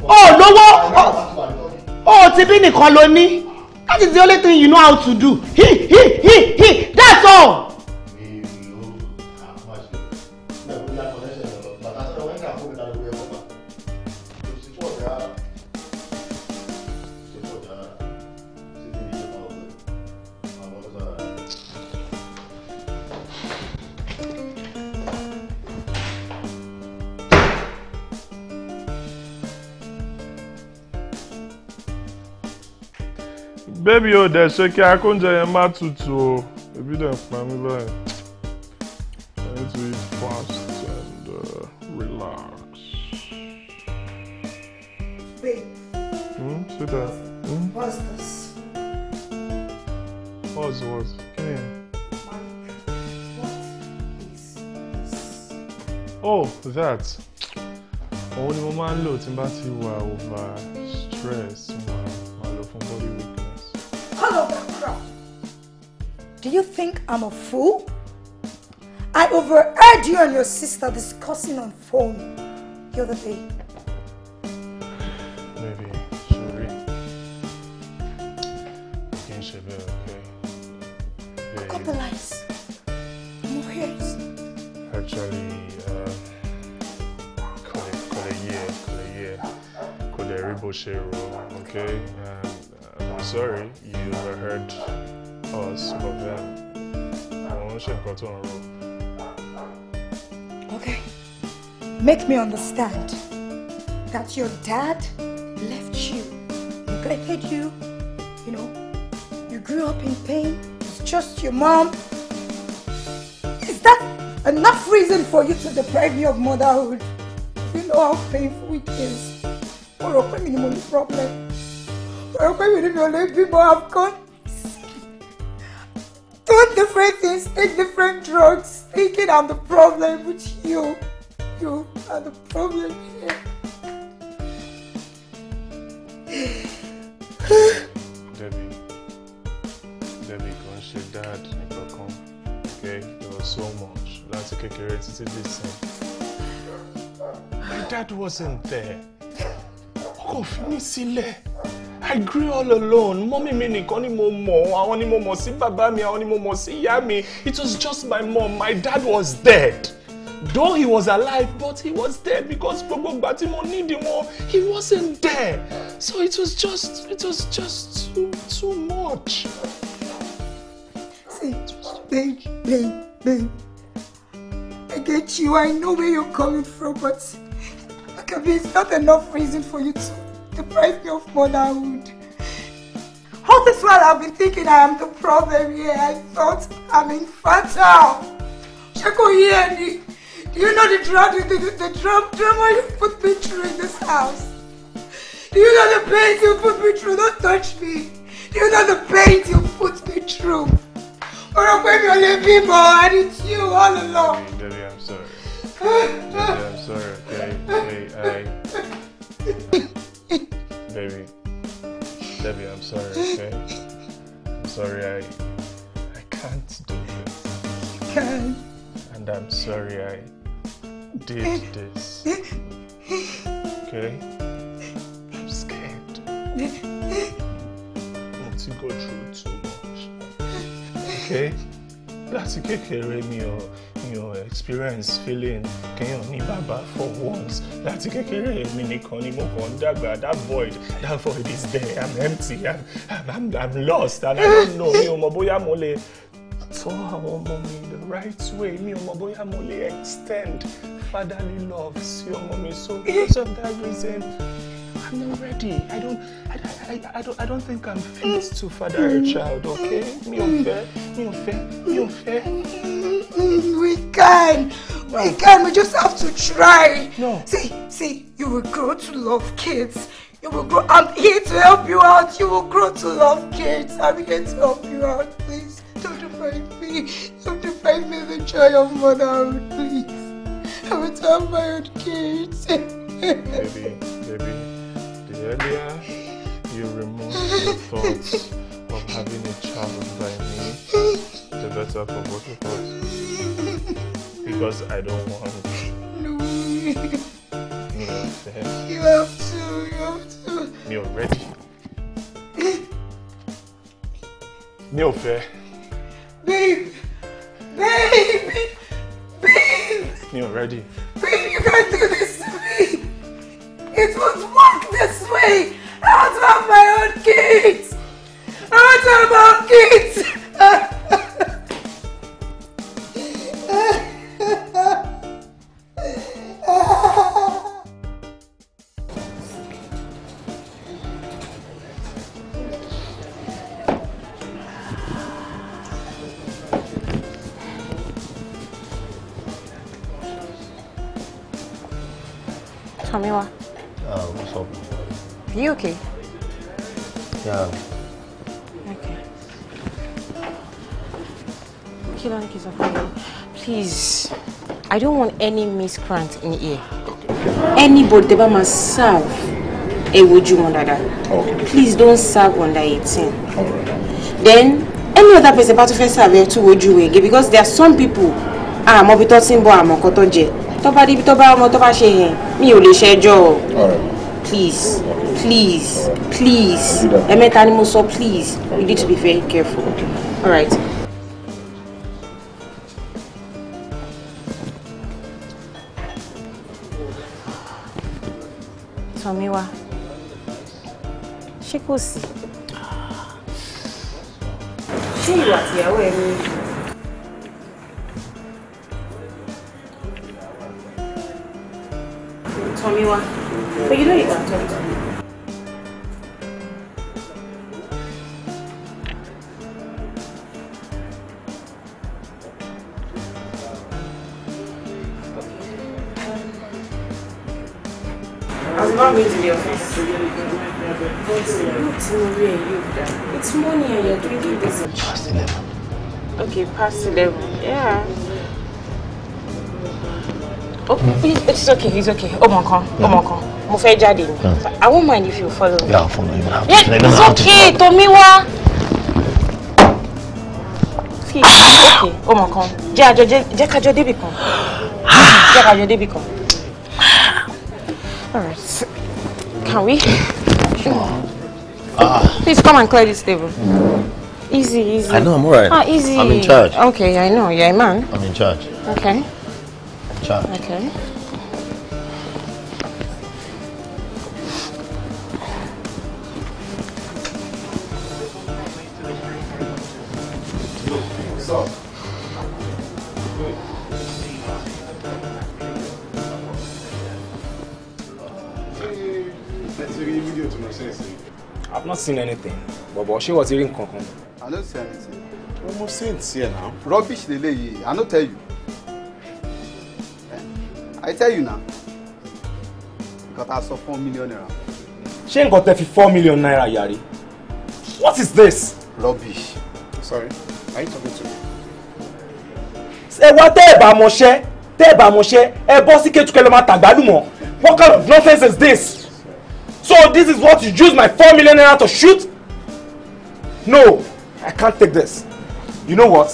ò lówó ò ti bí nìkan ló ní that is the only thing you know how to do He, he, he, he. that's all. bébí o dẹ̀ ṣe kí akóúnjẹ yẹn má tutù o ebi dẹ̀ ń pa mí báyìí I need to eat fast and uh, relax. Babe. Hmm? Sweetheart. Hmm? What's this? What's what? Kí ni? Oh, that. Òun ni mo máa ń lò tí n over stress. Wow. follow the Do you think I'm a fool? I overheard you and your sister discussing on phone the other day. Baby, sorry. can say that, okay? Baby. Cut the lies. No hairs. Actually, uh, kò lè yé, kò lè yé, kò lè rí bó ṣe okay? Um, sorry you overheard us, but then um, I want to shake got on rope. Okay. Make me understand that your dad left you, neglected you, you know, you grew up in pain, it's just your mom. Is that enough reason for you to deprive me of motherhood? You know how painful it is. for a family problem. rò pé mi nínú People have I've gone two different things take different drugs thinking I'm the problem with you you are the problem here. Debbie, Debbie kò ń ṣe dad nìkan kan okay there was so much Let's take care of this thing. my dad wasn't there ọkọ̀ fi mí sílẹ̀. I grew all alone. Mommy, mi nìkan ni mo mọ̀, àwọn ni mo mọ̀ sí bàbá mi, àwọn ni mo mọ̀ sí ìyá mi. It was just my mom. My dad was dead. Though he was alive, but he was dead because gbogbo ìgbà tí mo need wọn, he wasn't there. So it was just, it was just too, too much. See, babe, babe, babe. I get you. I know where you're coming from, but look at me. It's not enough reason for you to the price of motherhood. All this while I've been thinking I am the problem here. I thought I'm infertile. Sheko Yeni, do you know the drama, the, the, the drama you put me through in this house? Do you know the pain you put me through? Don't touch me. Do you know the pain you put me through? Or baby, only people, and it's you all along. Daddy, I'm sorry. Daddy, I'm sorry. Okay, I. I... Baby. Debbie, I'm sorry, okay? I'm sorry I I can't do this. You can. And I'm sorry I did this. Okay? I'm scared. Not to go through too much. Okay? That's okay, okay, mi Your experience feeling kéèyàn ní bàbá for once láti kékeré mi nìkan ni mo kàn ń dàgbà that void that void is there i'm empty i'm i'm i'm lost and i don't know mi ò mọ bóyá mo lè tọ́ àwọn ọmọ mi the right way mi ò mọ bóyá mo lè extend fatherly love sí ọmọ mi so because of that reason. I'm not ready. I don't, I, I, I, I don't, I don't think I'm fit to father a child. Okay? Mi ò fẹ́, mi ò fẹ́, mi ò fẹ́. Mm, we can. We can. We just have to try. No. See, see, you will grow to love kids. You will grow. I'm here to help you out. You will grow to love kids. I'm here to help you out. Please, don't deprive me. Don't deprive me the joy of motherhood, please. I will tell my own kids. baby, baby, the earlier you remove the thoughts of having a child by me, better for both of us. because I don't want to. No. Hmm. you have to, you have to. You're ready. ò Baby, Babe! Babe! Babe! Me already. Babe, you can't do this to me! It won't work this way! I want to have my own kids! I want to have my own kids! Kamiwa. Uh, what's up? Are you okay? Yeah. Okay. Kilan Kizafani, please. I don't want any miscreant in here. Anybody they must serve a woju under that. Okay. Please don't serve under 18. Alright. Then any other person about to serve a two woju because there are some people ah mo bi to tin bo àmọ́ ah, tó bá débi tó bá ọmọ tó bá ṣe yẹn mi ò lè ṣẹjọ́ please please please ẹ̀mẹ́ta ni mo sọ please you need to be very careful all right. Tọ́míwá ṣé kò sí. ṣé ìwà tìyàwó ẹ ní. me one. But you I'm not going to the office. But not where you It's money, and you're drinking this. Past 11. Okay, past 11. Yeah. Oh, it's okay, it's okay. Oh, my God, oh, my God. Mo fẹ́ jáde ni. I won't mind if you follow me. Yeah, I'll follow you. Yeah, it's okay, Tomiwa. Okay, oh, my God. Jẹ́ àjọ, jẹ́ kájọ débì kan. Jẹ́ kájọ débì kan. All right. Can we? Sure. Ah. Please come and clear this table. Easy, easy. I know, I'm alright. Ah, easy. I'm in charge. Okay, I know. You're a man. I'm in charge. Okay child. Okay. I've not seen anything. but ṣé wọ́n ti rí nǹkan I don't see anything. Almost seen it here now. Rubbish the lady. I not tell you tell you now nǹkan tá a four million naira. She ain't got fi four million naira Yari. what is this. rubbish. sorry are you talking to me. ẹ wá tẹ́ ẹ̀ bá mọṣẹ́ tẹ́ ẹ̀ bá mọṣẹ́ ẹ bọ́ sí kẹ́tùkẹ́ ló máa tàgbálùmọ̀ what kind of nonsense is this so this is what you use my four million naira to shoot no i can't take this you know what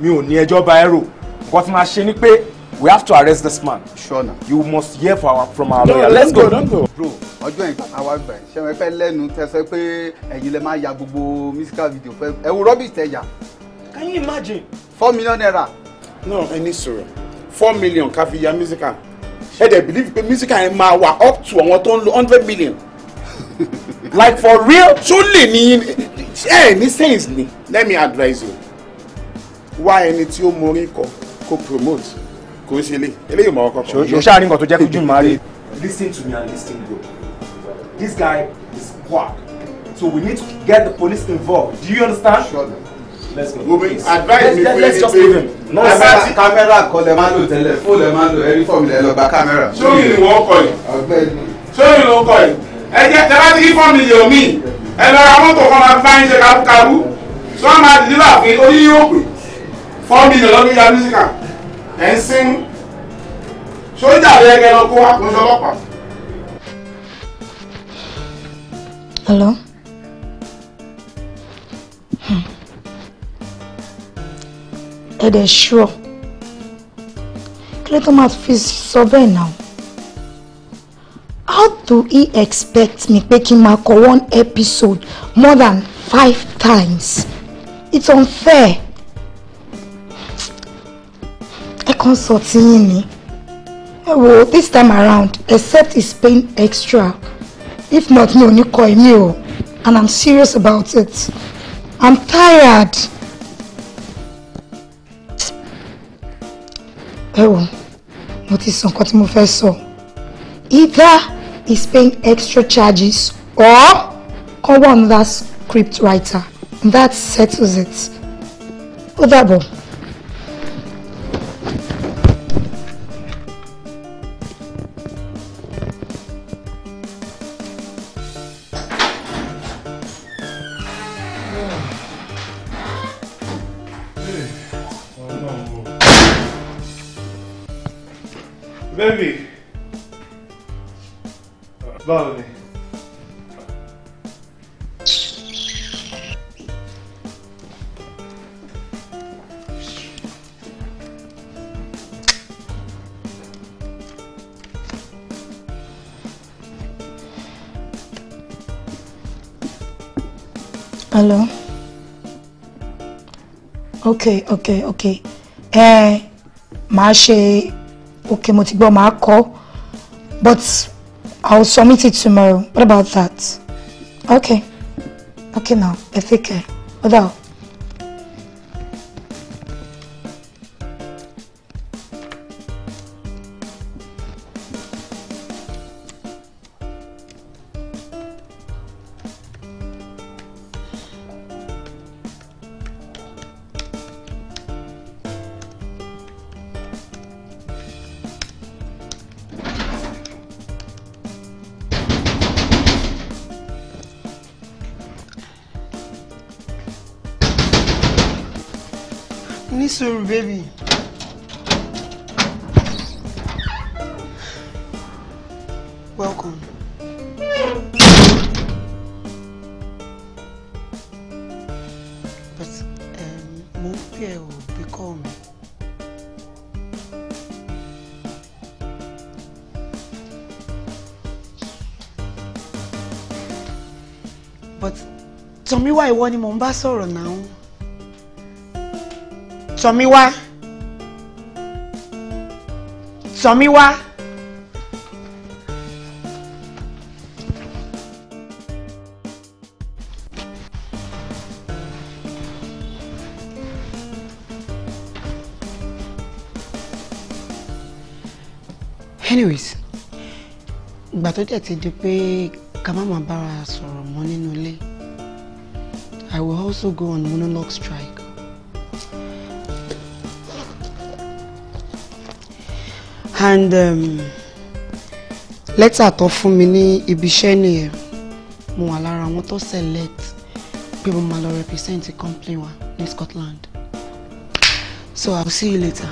mi ò ní ẹjọ́ bá ẹ rò nǹkan tí màá ṣe ni pé we have to arrest this man. sure na. you must hear from our from our no, lawyer. let's go Don't go. bro ọjọ́ yẹn àwa gbà yín ṣẹ́wọ́n ẹ fẹ́ lẹ́nu tẹ́sẹ̀ pé ẹ̀yin lè máa ya gbogbo musical video fẹ́ ẹ wo rubbish tẹ̀ ya. can you imagine. four million naira. no ẹ ní sọ̀rọ̀ four million ká fi ya musical ẹ dẹ̀ believe pé musical yẹn máa wà up to àwọn tó ń lo hundred million like for real truly ni ẹ ní sense ni let me advise you wá ẹni tí ó mọ kọ kó promote kò ṣe lé eléyìí mọ̀ ọkọ̀ kan. ṣòṣà nǹkan tó jẹ́ kó jùn máa rí. listen to me and listen go this guy is quack so we need to get the police involved do you understand. Sure. Let's go. Advise advice mi pe ni pe no sir camera kọ lẹ máa lò tẹ́lẹ̀ fóònù lẹ máa lò ẹrí fọ́ọ̀mù lẹ lọ gba camera. Sóyún ni wọ́n kọ yìí. Ọ̀gbẹ́ni. Sóyún ló kọ yìí. Ẹ jẹ́ tẹ́lá ti kí fọ́ọ̀mù yẹ̀ mí. Ẹ lọ ra mọ́tò kan máa bá yín ṣe kábúkábú. Sọ́ọ́ máa dìlíbà pé orí yóò pè. Fọ́ọ̀mù yẹ̀ lọ́dún ya mísíkà ẹ̀ ń sínú sójà rẹ̀ ẹgẹ lọ kó wá kó Hello? Hmm. ẹ dẹ̀ ṣúọ̀ kí ló tó máa fi sọ bẹ́ẹ̀ náà how do he expect me pé kí n máa kọ one episode more than five times it's unfair. consult yín ni ẹ wo this time around except it's paying extra if not mi ò ní kọ èmi o and i'm serious about it i'm tired. ẹ wo mo ti sọ nǹkan tí mo fẹ́ sọ either he's paying extra charges or come one another script writer and that settles it ó dàbọ̀. Okay, okay, okay. Eh, máa ṣe ok mo ti gbọ́ máa kọ́ but I'll submit it tomorrow what about that Okay, okay. now ẹ take care ó but Tọ́míwá ìwọ ni mò ń bá sọ̀rọ̀ náà Tọ́míwá Tọ́míwá. anyways ìgbà tó dẹ̀ ti di pé ká má máa bára sọ̀rọ̀ mọ́ nínú ilé I will also go on monologue strike. and um, lẹ́tà tó fún mi ní ibi iṣẹ́ nìyẹn mo wà lára àwọn tó select pé mo máa lọ represent the company wa ní Scotland so I will see you later.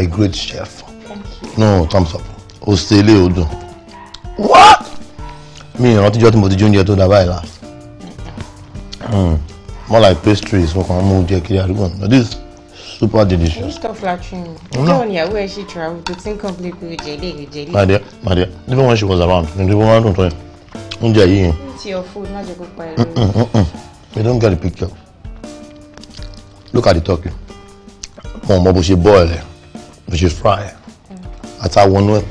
are a great chef. Thank you. No, thumbs up. O ṣe ilé o dùn. What? Mi ìrántíjọ́ tí mo ti jóúnjẹ tó dábàá ìlà. Hmm. More like pastries, mo kàn mú jẹ kiri àdúgbò. No, this is super delicious. You stop flattering me. Tell me where she travel to think completely with jelly with jelly. My dear, even when she was around, you know, woman don't tell oúnjẹ yìí yẹn. Eat your food, má jẹ́ kó pa ẹ mm, mm, mm, You don't get the picture. Look at the turkey. Mo mọ bó ṣe bọ́ ẹ we should fry ata wọnú ẹ̀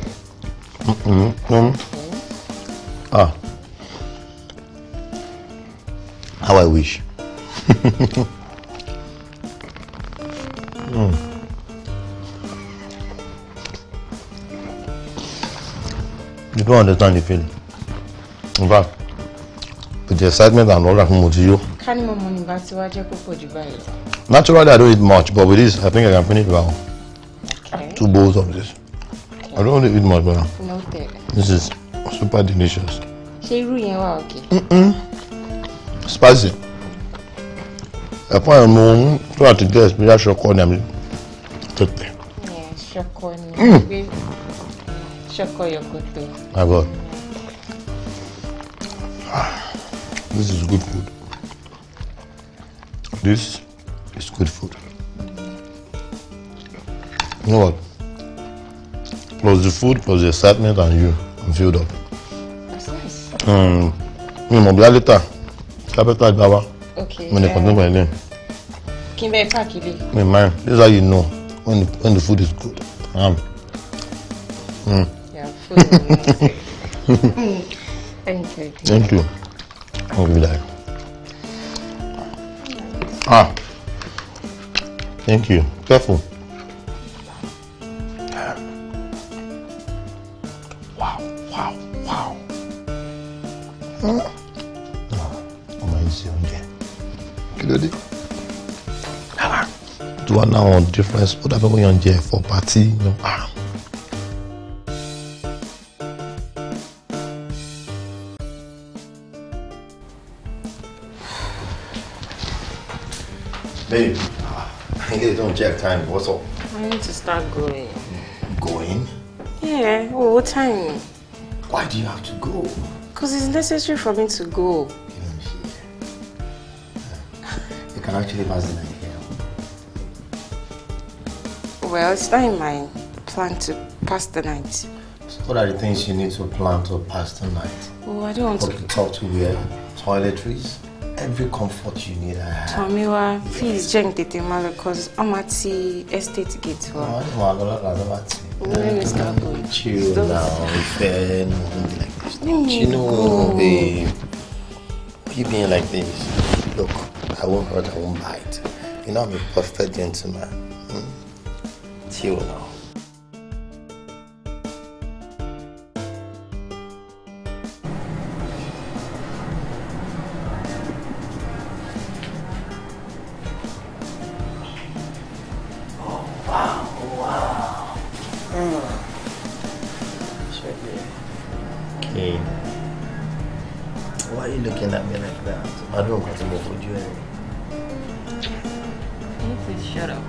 e. ah how I wish. mm. You don't understand the feeling. In fact, with the excitement and all that mo ti yó. Ká ní mo mọ̀ nígbà tí wàá jẹ́ kó pọ̀ jù báyìí. Naturally, I don't eat much, but with this, I think I can finish well two bowls of this. I don't want to eat much, but This is super delicious. Ṣé irú okay? Spicy. I ẹ̀ a ń tó àti guest bí aṣọkọ ni àmì tètè. Ṣọkọ ni gbé ṣọkọ mm. too. My God. Ah, this is good food. This is good food. You know what? plus the food plus the excitement and you I'm filled up. That's nice. Um, mi mọ̀ capital gba Okay. When eh, ni continue my name. Kí n bẹ pack ilé. Mi mind this is how you know when the, when the food is good. Um. Mm. Yeah, food Thank you. Thank you. I'll give you that. Ah. Thank you. Careful. ọmọ yìí ṣe oúnjẹ kí ló dé tí wọ́n náà wọn difference ó dàbí wọ́n yàn jẹ ẹ̀fọ́ pàtí yan àrùn. Babe, I really don't check time. What's up? I need to start going. Going? Yeah, what time? Why do you have to go? Because it's necessary for me to go. You can actually pass the night here. Well, it's not in my plan to pass the night. So what are the things you need to plan to pass the night? Oh, I don't want Hockey to... talk to wear toiletries, every comfort you need I have. Tomiwa, yes. please jẹ́ n tètè because I'm at the estate gate. No, I don't want to go to the estate gate. Chill now, fair, nothing like Do you know, babe, you being like this, look, I won't hurt, I won't bite. You know, I'm a perfect gentleman. Hmm? Chill now. please shut up?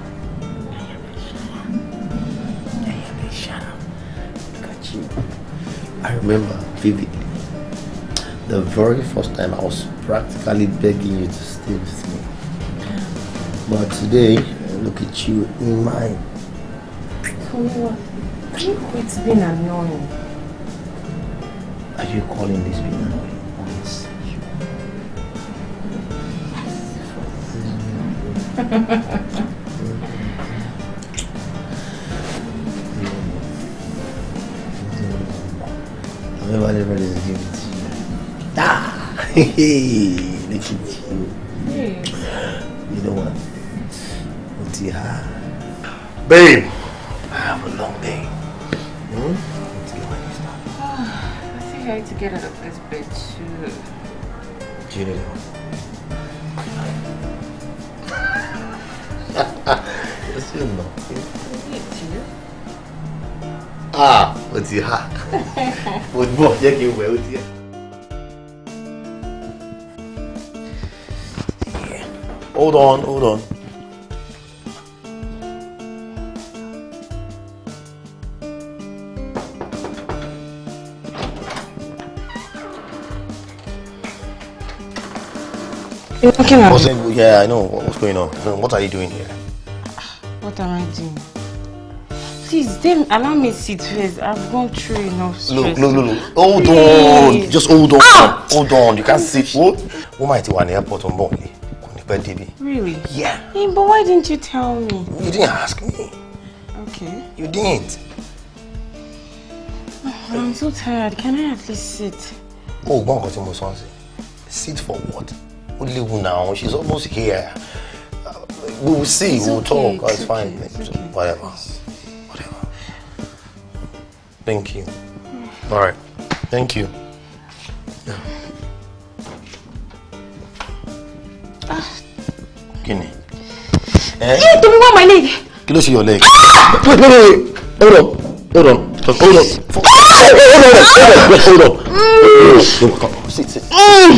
shut up. Look at you. I remember vividly the very first time I was practically begging you to stay with me. But today, look at you in mine. Kamiwa, can you quit being annoying? Are you calling this being annoying? Meu marido vai dizer que Tá! Look at you. You know what? Babe! mo gbọ́ jẹ́ kí n wẹ̀ ó Hold on, hold on. You're looking at me. Yeah, I know. What's going on? What are you doing here? Then allow me to sit first. I've gone through enough stress. Look, look, look, look. Hold Please. on. Just hold on. Out. Ah! Hold on. You can't sit. What? Wọ́n máa ti wà ní airport on the Pẹ́ débi. Really? Yeah. Hey, but why didn't you tell me? You didn't ask me. Okay. You didn't. Oh, I'm so tired. Can I at least sit? Oh, go nǹkan tí mo sọ ń Sit for what? We'll leave now. She's almost here. Uh, we see. It's we okay. talk. It's, oh, it's okay. fine. It's okay. Whatever. It's okay. Thank you. All right. Thank you. Kini. Ah. Yeah, don't want my leg. Can ló see your leg? Ah! Wait, wait, wait. Hold on. Hold on. Hold on. Hold on. Hold on. hold on. Hold on. Sit, sit.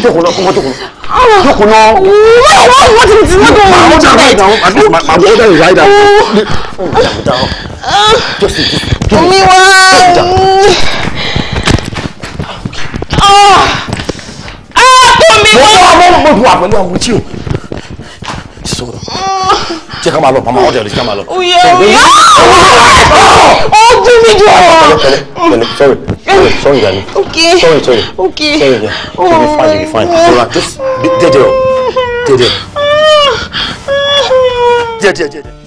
Jókòó náà, kọ́kọ́ jókòó náà. Jókòó náà. Wọ́n wọ́n wọ́n ti ti ti náà. Màá mú dáhùn. Màá mú dáhùn. Màá mú dáhùn omi wá. mo wá mo mo wà pẹ̀lú àwọn tí o sọ̀rọ̀ tí ká máa lọ pàmò ọ̀dẹ̀ ọ̀dẹ̀ tí ká máa lọ. oye oye ó dùn mí jù ọ. pẹ̀lẹ́ sorry sorry yanni okay sorry sorry okay sorry yanni you be fine you be fine rora just jẹ́jẹ́ o jẹ́jẹ́ jẹ́jẹ́ jẹ́jẹ́.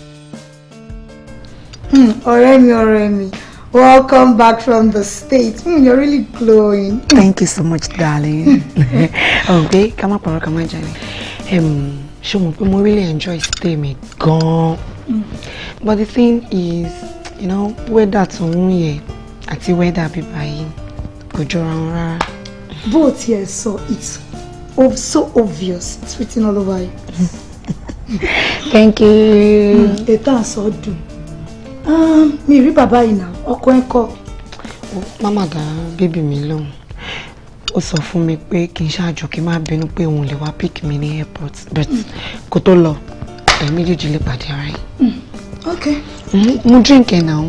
Hmm, ọ̀rẹ́ mi ọ̀rẹ́ welcome back from the States mm, you're really glowing. thank you so much darling. ọ̀gbẹ́ ká má pàrọ̀ ká má jalè ṣé mo pé mo really enjoy staying. mi gan hmm. but the thing is you know weather tó ń yẹ àti weather be yìí kò jọra wọn rárá. bó it's oh, so obvious it's written all over you. thank you. Hmm, ètò àsọdùn. Um, mi rí bàbá yìí náà ọkọ ẹ kọ. mama dá bébì mi lóhùn ó sọ fún mi pé kí n ṣáàjò kí n má bínú pé òun lè wá pick mi ní airport but hmm. kó tó lọ ẹ méjèèjì lè pàdé ara yìí. Hmm. ok. mu drink ẹ náà.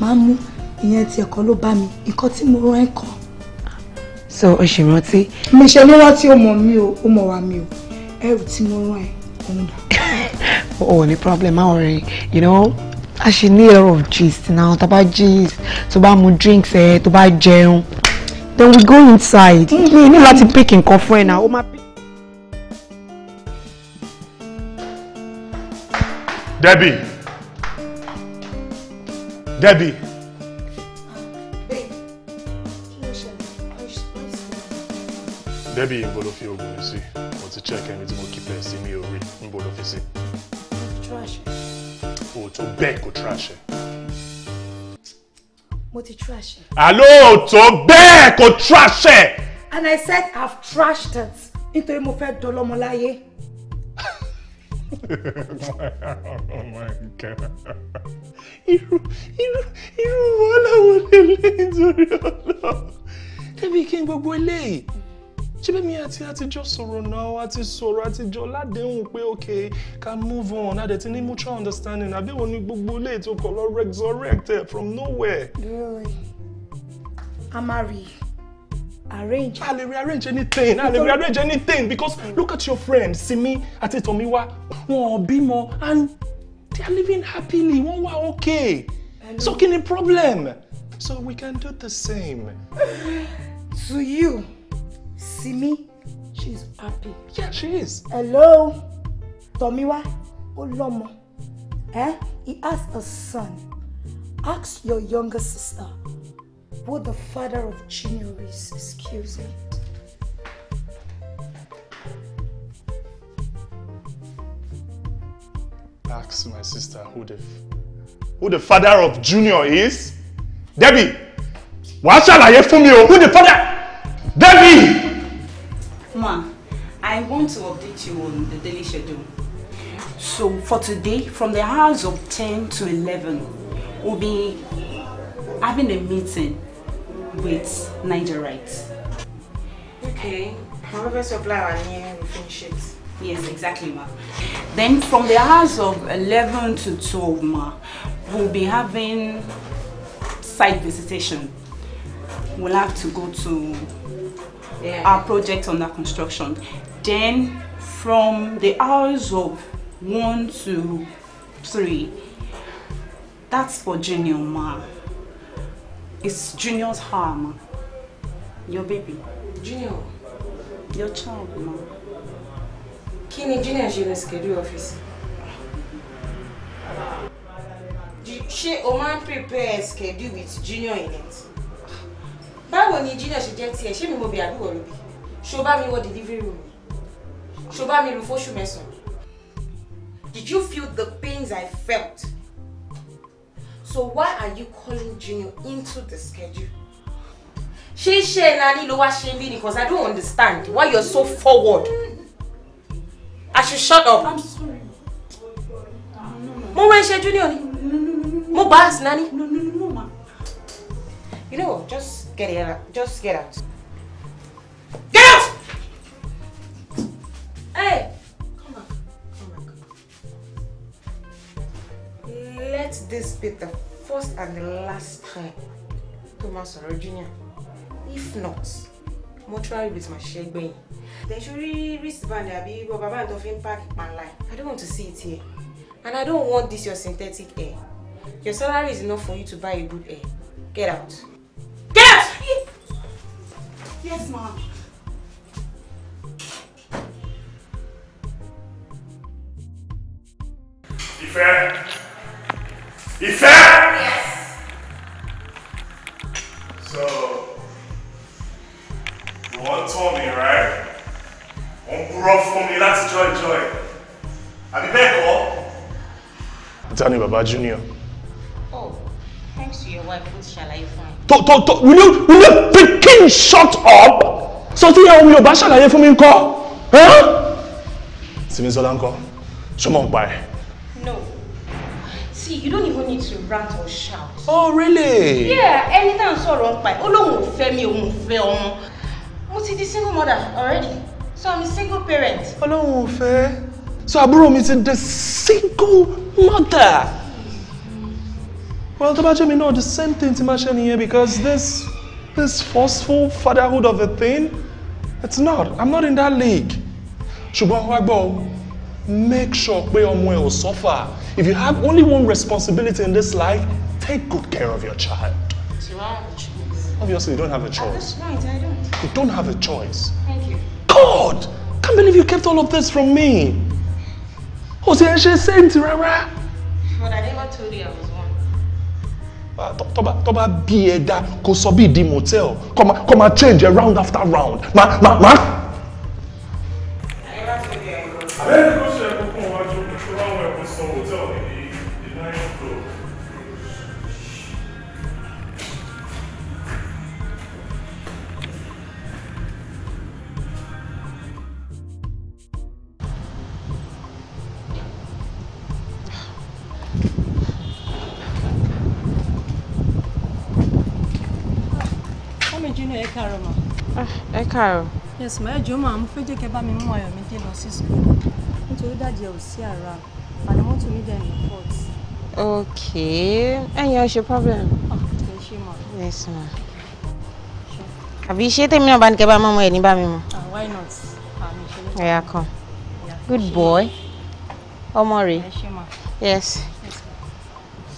máa hmm. mú ìyẹn tí ẹ̀kọ́ ló bá mi nǹkan tí mo rán ẹ̀kọ́. so o ṣì rántí. mi ṣe ní rántí ọmọ mi o ọmọ wa mi o ẹrù tí mo rán ẹ òun dà. o ò ní problem máa rìn you know a ṣe ní air of gist now tá a bá gist tó bá mu drinks ẹ tó bá jẹun then we go inside mi mm-hmm. ní láti pick nǹkan fún ẹ náà ó máa pick. Debbie Debbie. Debbie, ń bọ̀ ló fi oògùn mi sí, mo ti check ẹni tí mo kí pẹ̀ sí mi ò rí, ń bọ̀ fi sí wo tó bẹ́ẹ̀ kó trash mo ti trash àló tó bẹ́ẹ̀ kó trash and I said I've trashed it nítorí mo fẹ́ dọlọ́mọ láyé. oh my god irú irú irú wàhálà wo lè lè nítorí ọlọ ẹbí kí n gbogbo eléyìí ṣebí mi àti àtijọ́ sọ̀rọ̀ náà àti sọ̀rọ̀ àtijọ́ ládéhùn pé ok can move on a dẹ̀ ti ní mutual understanding àbẹ̀wò ní gbogbo ilé ètò kọ̀ lọ resurrect ẹ̀ from nowhere. really amari arrange. a lè rearrange anything a lè rearrange anything because mm. look at your friend Simi àti Tomiwa wọn ò bímọ and they are living happily wọ́n wà okay so kí ni problem so we can do the same. to you. See me, she's happy. Yeah, she is. Hello, Tomiwa Olomo. Eh? He has a son. Ask your younger sister who the father of Junior is. Excuse me. Ask my sister who the who the father of Junior is. Debbie, wàá ṣàlàyé fún mi o. Who the father? Debbie. Ma, I want to update you on the daily schedule. So for today, from the hours of 10 to 11, we'll be having a meeting with Nigerites. Okay. However, supply our near, we finish it. Yes, exactly, ma. Then from the hours of 11 to 12, ma, we'll be having site visitation. We'll have to go to yeah. our project under construction. Then from the hours of 1 to 3, that's for junior ma. It's junior's ma. Your baby. Junior? Your child ma. Kí ni junior ṣe ní schedule office? She o prepares schedule with junior in it? báwo ni junior ṣe jẹ́ tiẹ̀ ṣé mi mo bè àbúrò lóbi ṣó bá mi wọ delivery room ṣó bá mi lu fóṣù mẹ́sàn-án did you feel the pains I felt so why are you calling junior into the schedule ṣé iṣẹ́ nani ló wá ṣe ń bí because I don't understand why you're so forward I should shut up I'm sorry mo wá ń ṣe junior ni mo bá àsìnà ni you know just get out. Just get out. Get out! Hey! Come on, Come oh on. Let this be the first and the last time Thomas or Virginia. If not, mortuary with my share gbẹ̀yìn. should surely wristband àbí bàbá bá ń tọ́ impact ń pack panlai. I don't want to see it here. And I don't want this your synthetic air. Your salary is enough for you to buy a good air. Get out. Get out! Yes, ma. Ìfẹ́. Ìfẹ́. Yes. So, you want to me, right? Wọ́n purọ́ for me? láti joy joy. Àbí bẹ́ẹ̀ kọ́? Ta ni bàbá Junior to your wife ó ti ṣàlàyé fún ẹ. tó tó will you will you pikin shut up sọ tí ìyàwó mi ò bá ṣàlàyé fún mi ńkọ́ simisola ńkọ́ sọmọ ń pa ẹ. no see you don't even need to rant or shout. oh really. yeah anytime. tá à ń sọ̀rọ̀ ń pa ẹ̀ ó lóun ò fẹ́ mi òun ò fẹ́ mo ti di single mother already so i'm a single parent. ọlọ́run ò fẹ́ so àbúrò mi ti di single mother well, tó bá jẹ́ mi náà the same thing ti máa ṣe because this this forceful fatherhood of a thing it's not i'm not in that league ṣùgbọ́n make sure pé ọmọ ẹ suffer if you have only one responsibility in this life take good care of your child. so i have a choice. obviously you don't have a choice. Oh, that's right i don't. you don't have a choice. thank you. god can't believe you kept all of this from me. o ti ẹ ṣe saint rárá. i never told you i was tó bá bí ẹ dá kó sọ bí di motel kó máa change round after round ma, ma, ma. ẹ káàárọ̀. yes ma ẹ jọ̀ọ́ ma mo fẹ́ jẹ́ kẹ́ bá mi mú Ayọ̀mídé lọ sí school nítorí dájú ẹ ò sí ara and i want to meet them in court. ok ẹyin ọṣẹ problem. ẹ ṣe ah, ma. yes ma. àbí ṣé tèmi náà bá ní kẹ́ bá mọ́mọ́ ẹ̀ ní bá mi mọ́. Ah, why not. Ah, ẹ̀yà kan good boy ọmọ rẹ̀ yes.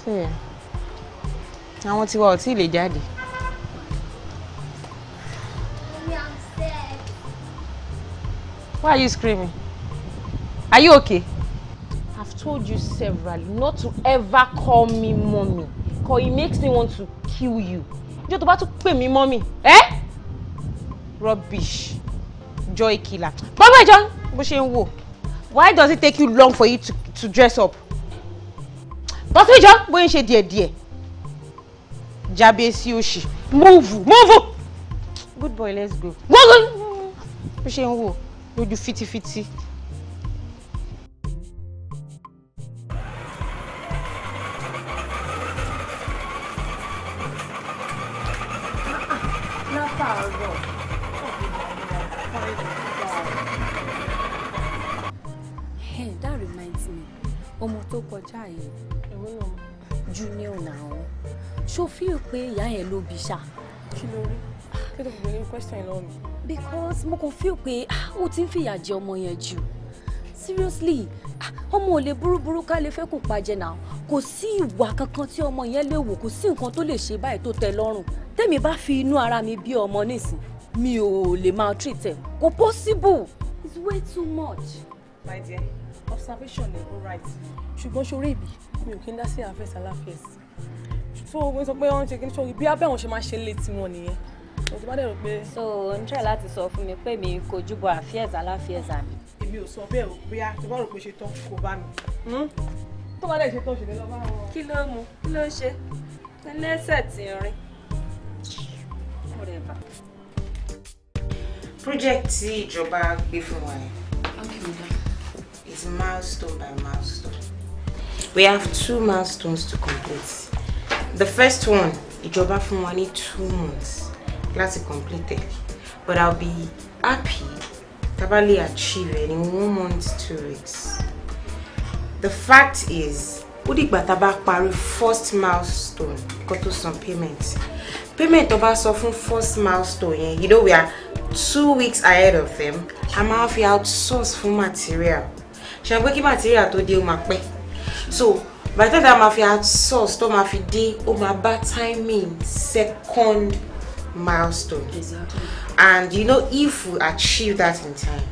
yes. àwọn tiwa ò tí ì lè jáde. Why are you screaming? Are you okay? I've told you severally not to ever call me mommy. Because it makes me want to kill you. You're about to call me mommy. Eh? Rubbish. Joy killer. Bye bye, John, bó ṣe Why does it take you long for you to, to dress up? Bọ́sí John, bó ń ṣe díẹ̀díẹ̀. Jabesi Move, move! Good boy, let's go. Wọ́n ló ń lójú fitifiti. Hey, that reminds me. Ọmọ tó kọjá yìí. Junior náà. Ṣó fíìl pé ìyá yẹn ló bí ṣá. Kí ló rí? kí gbogbo yín question lọ mi. because mo kàn feel pé ó ah, ti ń fìyà jẹ ọmọ yẹn jù seriously ah, ọmọ ò lè burúburú ká lè fẹ́ kó pajẹ náà kò sí ìwà kankan tí ọmọ yẹn lè wò kò sí nǹkan tó lè ṣe báyìí tó tẹ́ lọ́rùn tẹ́mi bá fi inú ara mi bí ọmọ nísìn mi ò lè máa treat ẹ̀ kò possible it's way too much. my dear observation ẹ ó right ṣùgbọ́n ṣoré ìbí mi ò kí ń dá sí àfẹ́sàláfẹ́sì tó o sọ pé wọ́n ń ṣe kí n sọ bí abẹ́ àwọn ṣe máa ṣe létí wọn nìyẹn o ti bá dẹ̀ pé. so o ń tẹ̀ láti sọ fún mi pé mi kò júbọ àfíẹ̀zà láfíẹ̀zà mi. èmi ò sọ bẹ́ẹ̀ o bóyá tí bá rò pé ṣe tán kò bá mi. Hmm? tó bá dẹ̀ ṣe tán ṣèlè lọ́wọ́ àwọn. kí ló mu kí ló ń ṣe ẹlẹ́sẹ̀ tí ń rin. project tí ìjọba gbé fún wa yẹn. okay it's milestone by milestone. we have two milestones to complete. the first one ìjọba fún wa ní two months láti completed, but I'll be happy tabali achieve it in one month two weeks the fact is ó dìgbà tá a bá first milestone got tó some payments. payment of us often first milestone yẹn you know we are two weeks ahead of them I'm máa fi outsource fún material ṣe pé kí material to deal ó máa so by the time that máa fi outsource tó máa fi dé ó máa timing second milestone. Exactly. And you know, if we achieve that in time,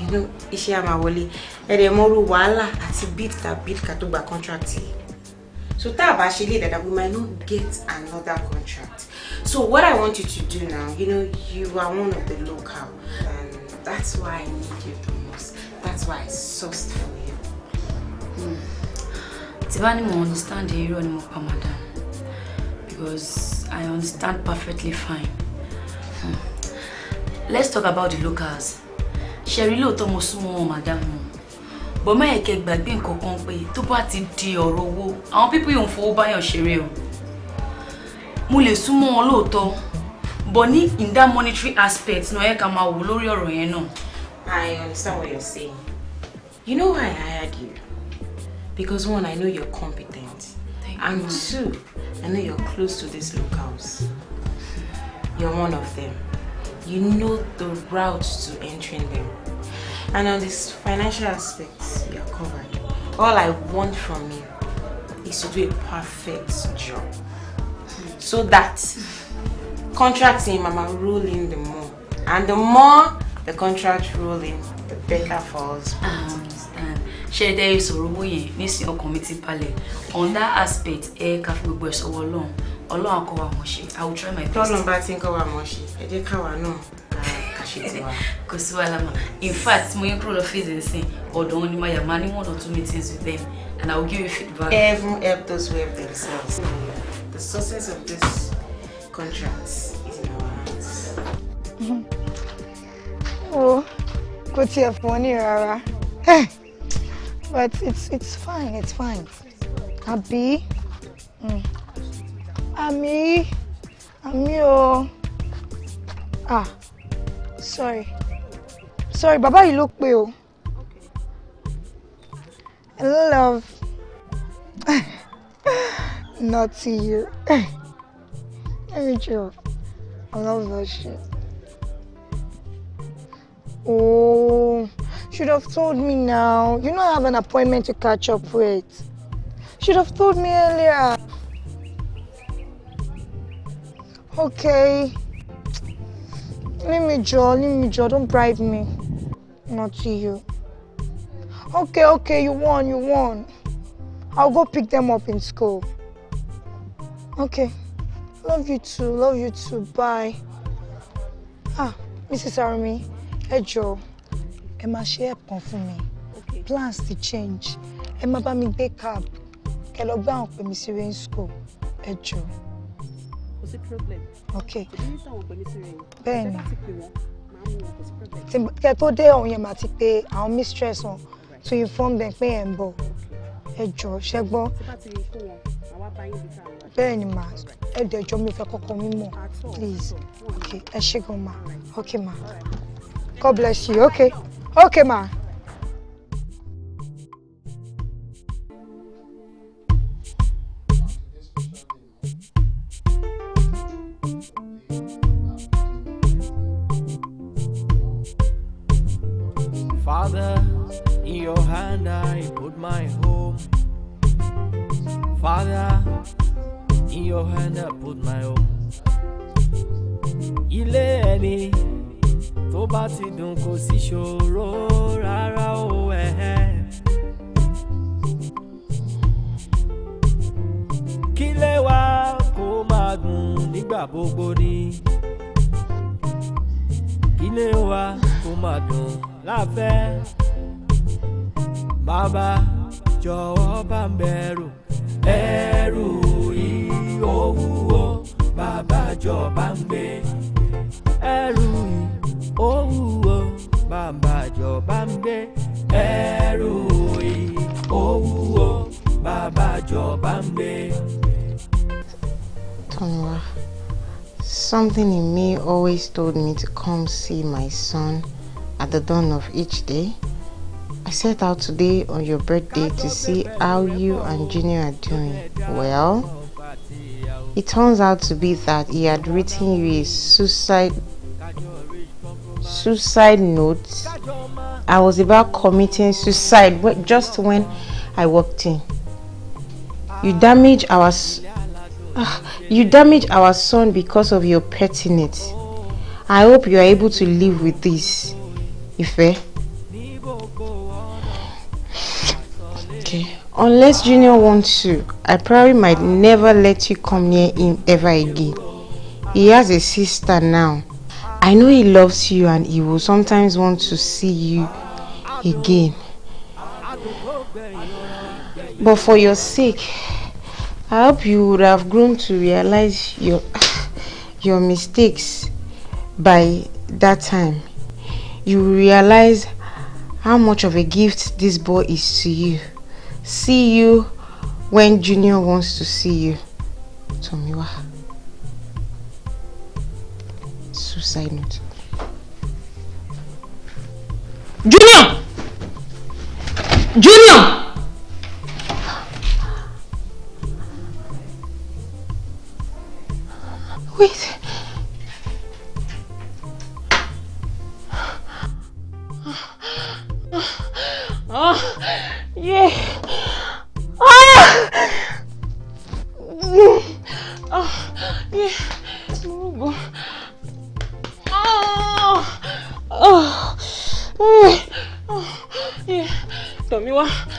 you know, iṣẹ́ á máa wala Ẹ dẹ̀ mọ irú wàhálà àti contract So tá a bá we might not get another contract. So what I want you to do now, you know, you are one of the local. And that's why I need you the most. That's why I sourced for you. Mm. Tí mo understand irọ́ ni mo pa because I understand perfectly fine. Hmm. Let's talk about the locals. Sherry, lóòótọ́ mo súnmọ́ wọn madam wọn. Bọ̀ mẹ́yẹ̀ kẹ gbàgbé nǹkan kan pé tó bá ti di ọ̀rọ̀ owó, àwọn pípé yòó ń fowó báyàn ṣeré o. Mo lè súnmọ́ wọn lóòótọ́, bọ̀ ní in that monetary aspect náà ẹ̀ ká máa wò lórí ọ̀rọ̀ yẹn náà. I understand what you're saying. You know why I hired you? Because one, I know you're competent. And two, I know you're close to these locals. You're one of them. You know the route to entering them. And on this financial aspect, you're covered. All I want from you is to do a perfect job. So that contracting, Mama roll in the more. And the more the contract rolls in, the better for us. ṣe é dẹ́ ìṣòro owó yẹn nísìnyí ọkàn mi ti balẹ̀ on that aspect ẹ ká fi gbogbo ẹ̀ sọ́wọ́ ọlọ́run ọlọ́run á kọ́ wa mọ̀ ṣe i will try my best. tọ́lọ́n bá ti ń kọ́ wa mọ̀ ṣe ẹ jẹ́ káwa náà ká ṣe tiwa. kò sí wàhálà mọ́ in fact mo yín kúrò lọ fèsì nsìn ọ̀dọ̀ wọn ni mo yà máa ní one or two meetings with them and i will give you feedback. even help those who help themselves. the success of this contract is in our hands. wo oh, kò tiẹ̀ fún ọ ní rárá. but it's it's fine it's fine àbí hmm. àmì àmì o ah sorry sorry Baba, you look pale. o love not to you let me joke I love that shit oh. Should have told me now. You know I have an appointment to catch up with. Should have told me earlier. Okay. Let me draw. let me draw. Don't bribe me. Not to you. Okay, okay, you won, you won. I'll go pick them up in school. Okay. Love you too, love you too. Bye. Ah, Mrs. Army, ẹ jọ̀ọ́ ẹ máa ṣe help kan fún mi plans ti change ẹ má bá mi gbé cab kẹ lọ gbá àwọn pè mí sí rain school ẹ jọ. kò sí problem. ok bẹ́ẹ̀ ni kẹ tó dé ọ̀hún yẹn máa ti pe àwọn mistress wọn to inform them pé ẹ̀ ń bọ̀ ẹ jọ ṣẹ́gbọ́n. tí bá ti kó wọn àwa bá yín bí ká wọn bẹ́ẹ̀ ni ma ẹ dẹ̀jọ́ mi fẹ́ kọ́kọ́ mi mọ̀ please okay ẹ ṣe gan ma okay ma God bless you okay. Okay, ma. Father, in your hand I put my home. Father, in your hand I put my home. Ilé tó bá ti dùn kò sí ṣòro rárá o ẹ̀. kílé wa kó máa gùn nígbà gbogbo ni kílé wa kó máa dùn láfẹ́ bàbá jọ̀wọ́ bá ń bẹ̀rù ẹrù yìí ó wúwo bàbá jọ̀ọ́ bá ń gbé ẹrù yìí. oh, bàbá jo ń gbé ẹrù yìí owúwo bàbá Tonwa, something in me always told me to come see my son at the dawn of each day. I set out today on your birthday to see how you and Junior are doing. Well, it turns out to be that he had written you a suicide suicide note. I was about committing suicide just when I walked in. You damage our uh, you damage our son because of your pettiness. I hope you are able to live with this. Ife. Okay. Unless Junior wants to, I probably might never let you come near him ever again. He has a sister now. I know he loves you and he will sometimes want to see you again. But for your sake, I hope you would have grown to realize your your mistakes by that time. You realize how much of a gift this boy is to you. See you when Junior wants to see you. Tomiwa suicide note. Junior! Junior! Wait. Oh, yeah. Ah! Oh, yeah. ni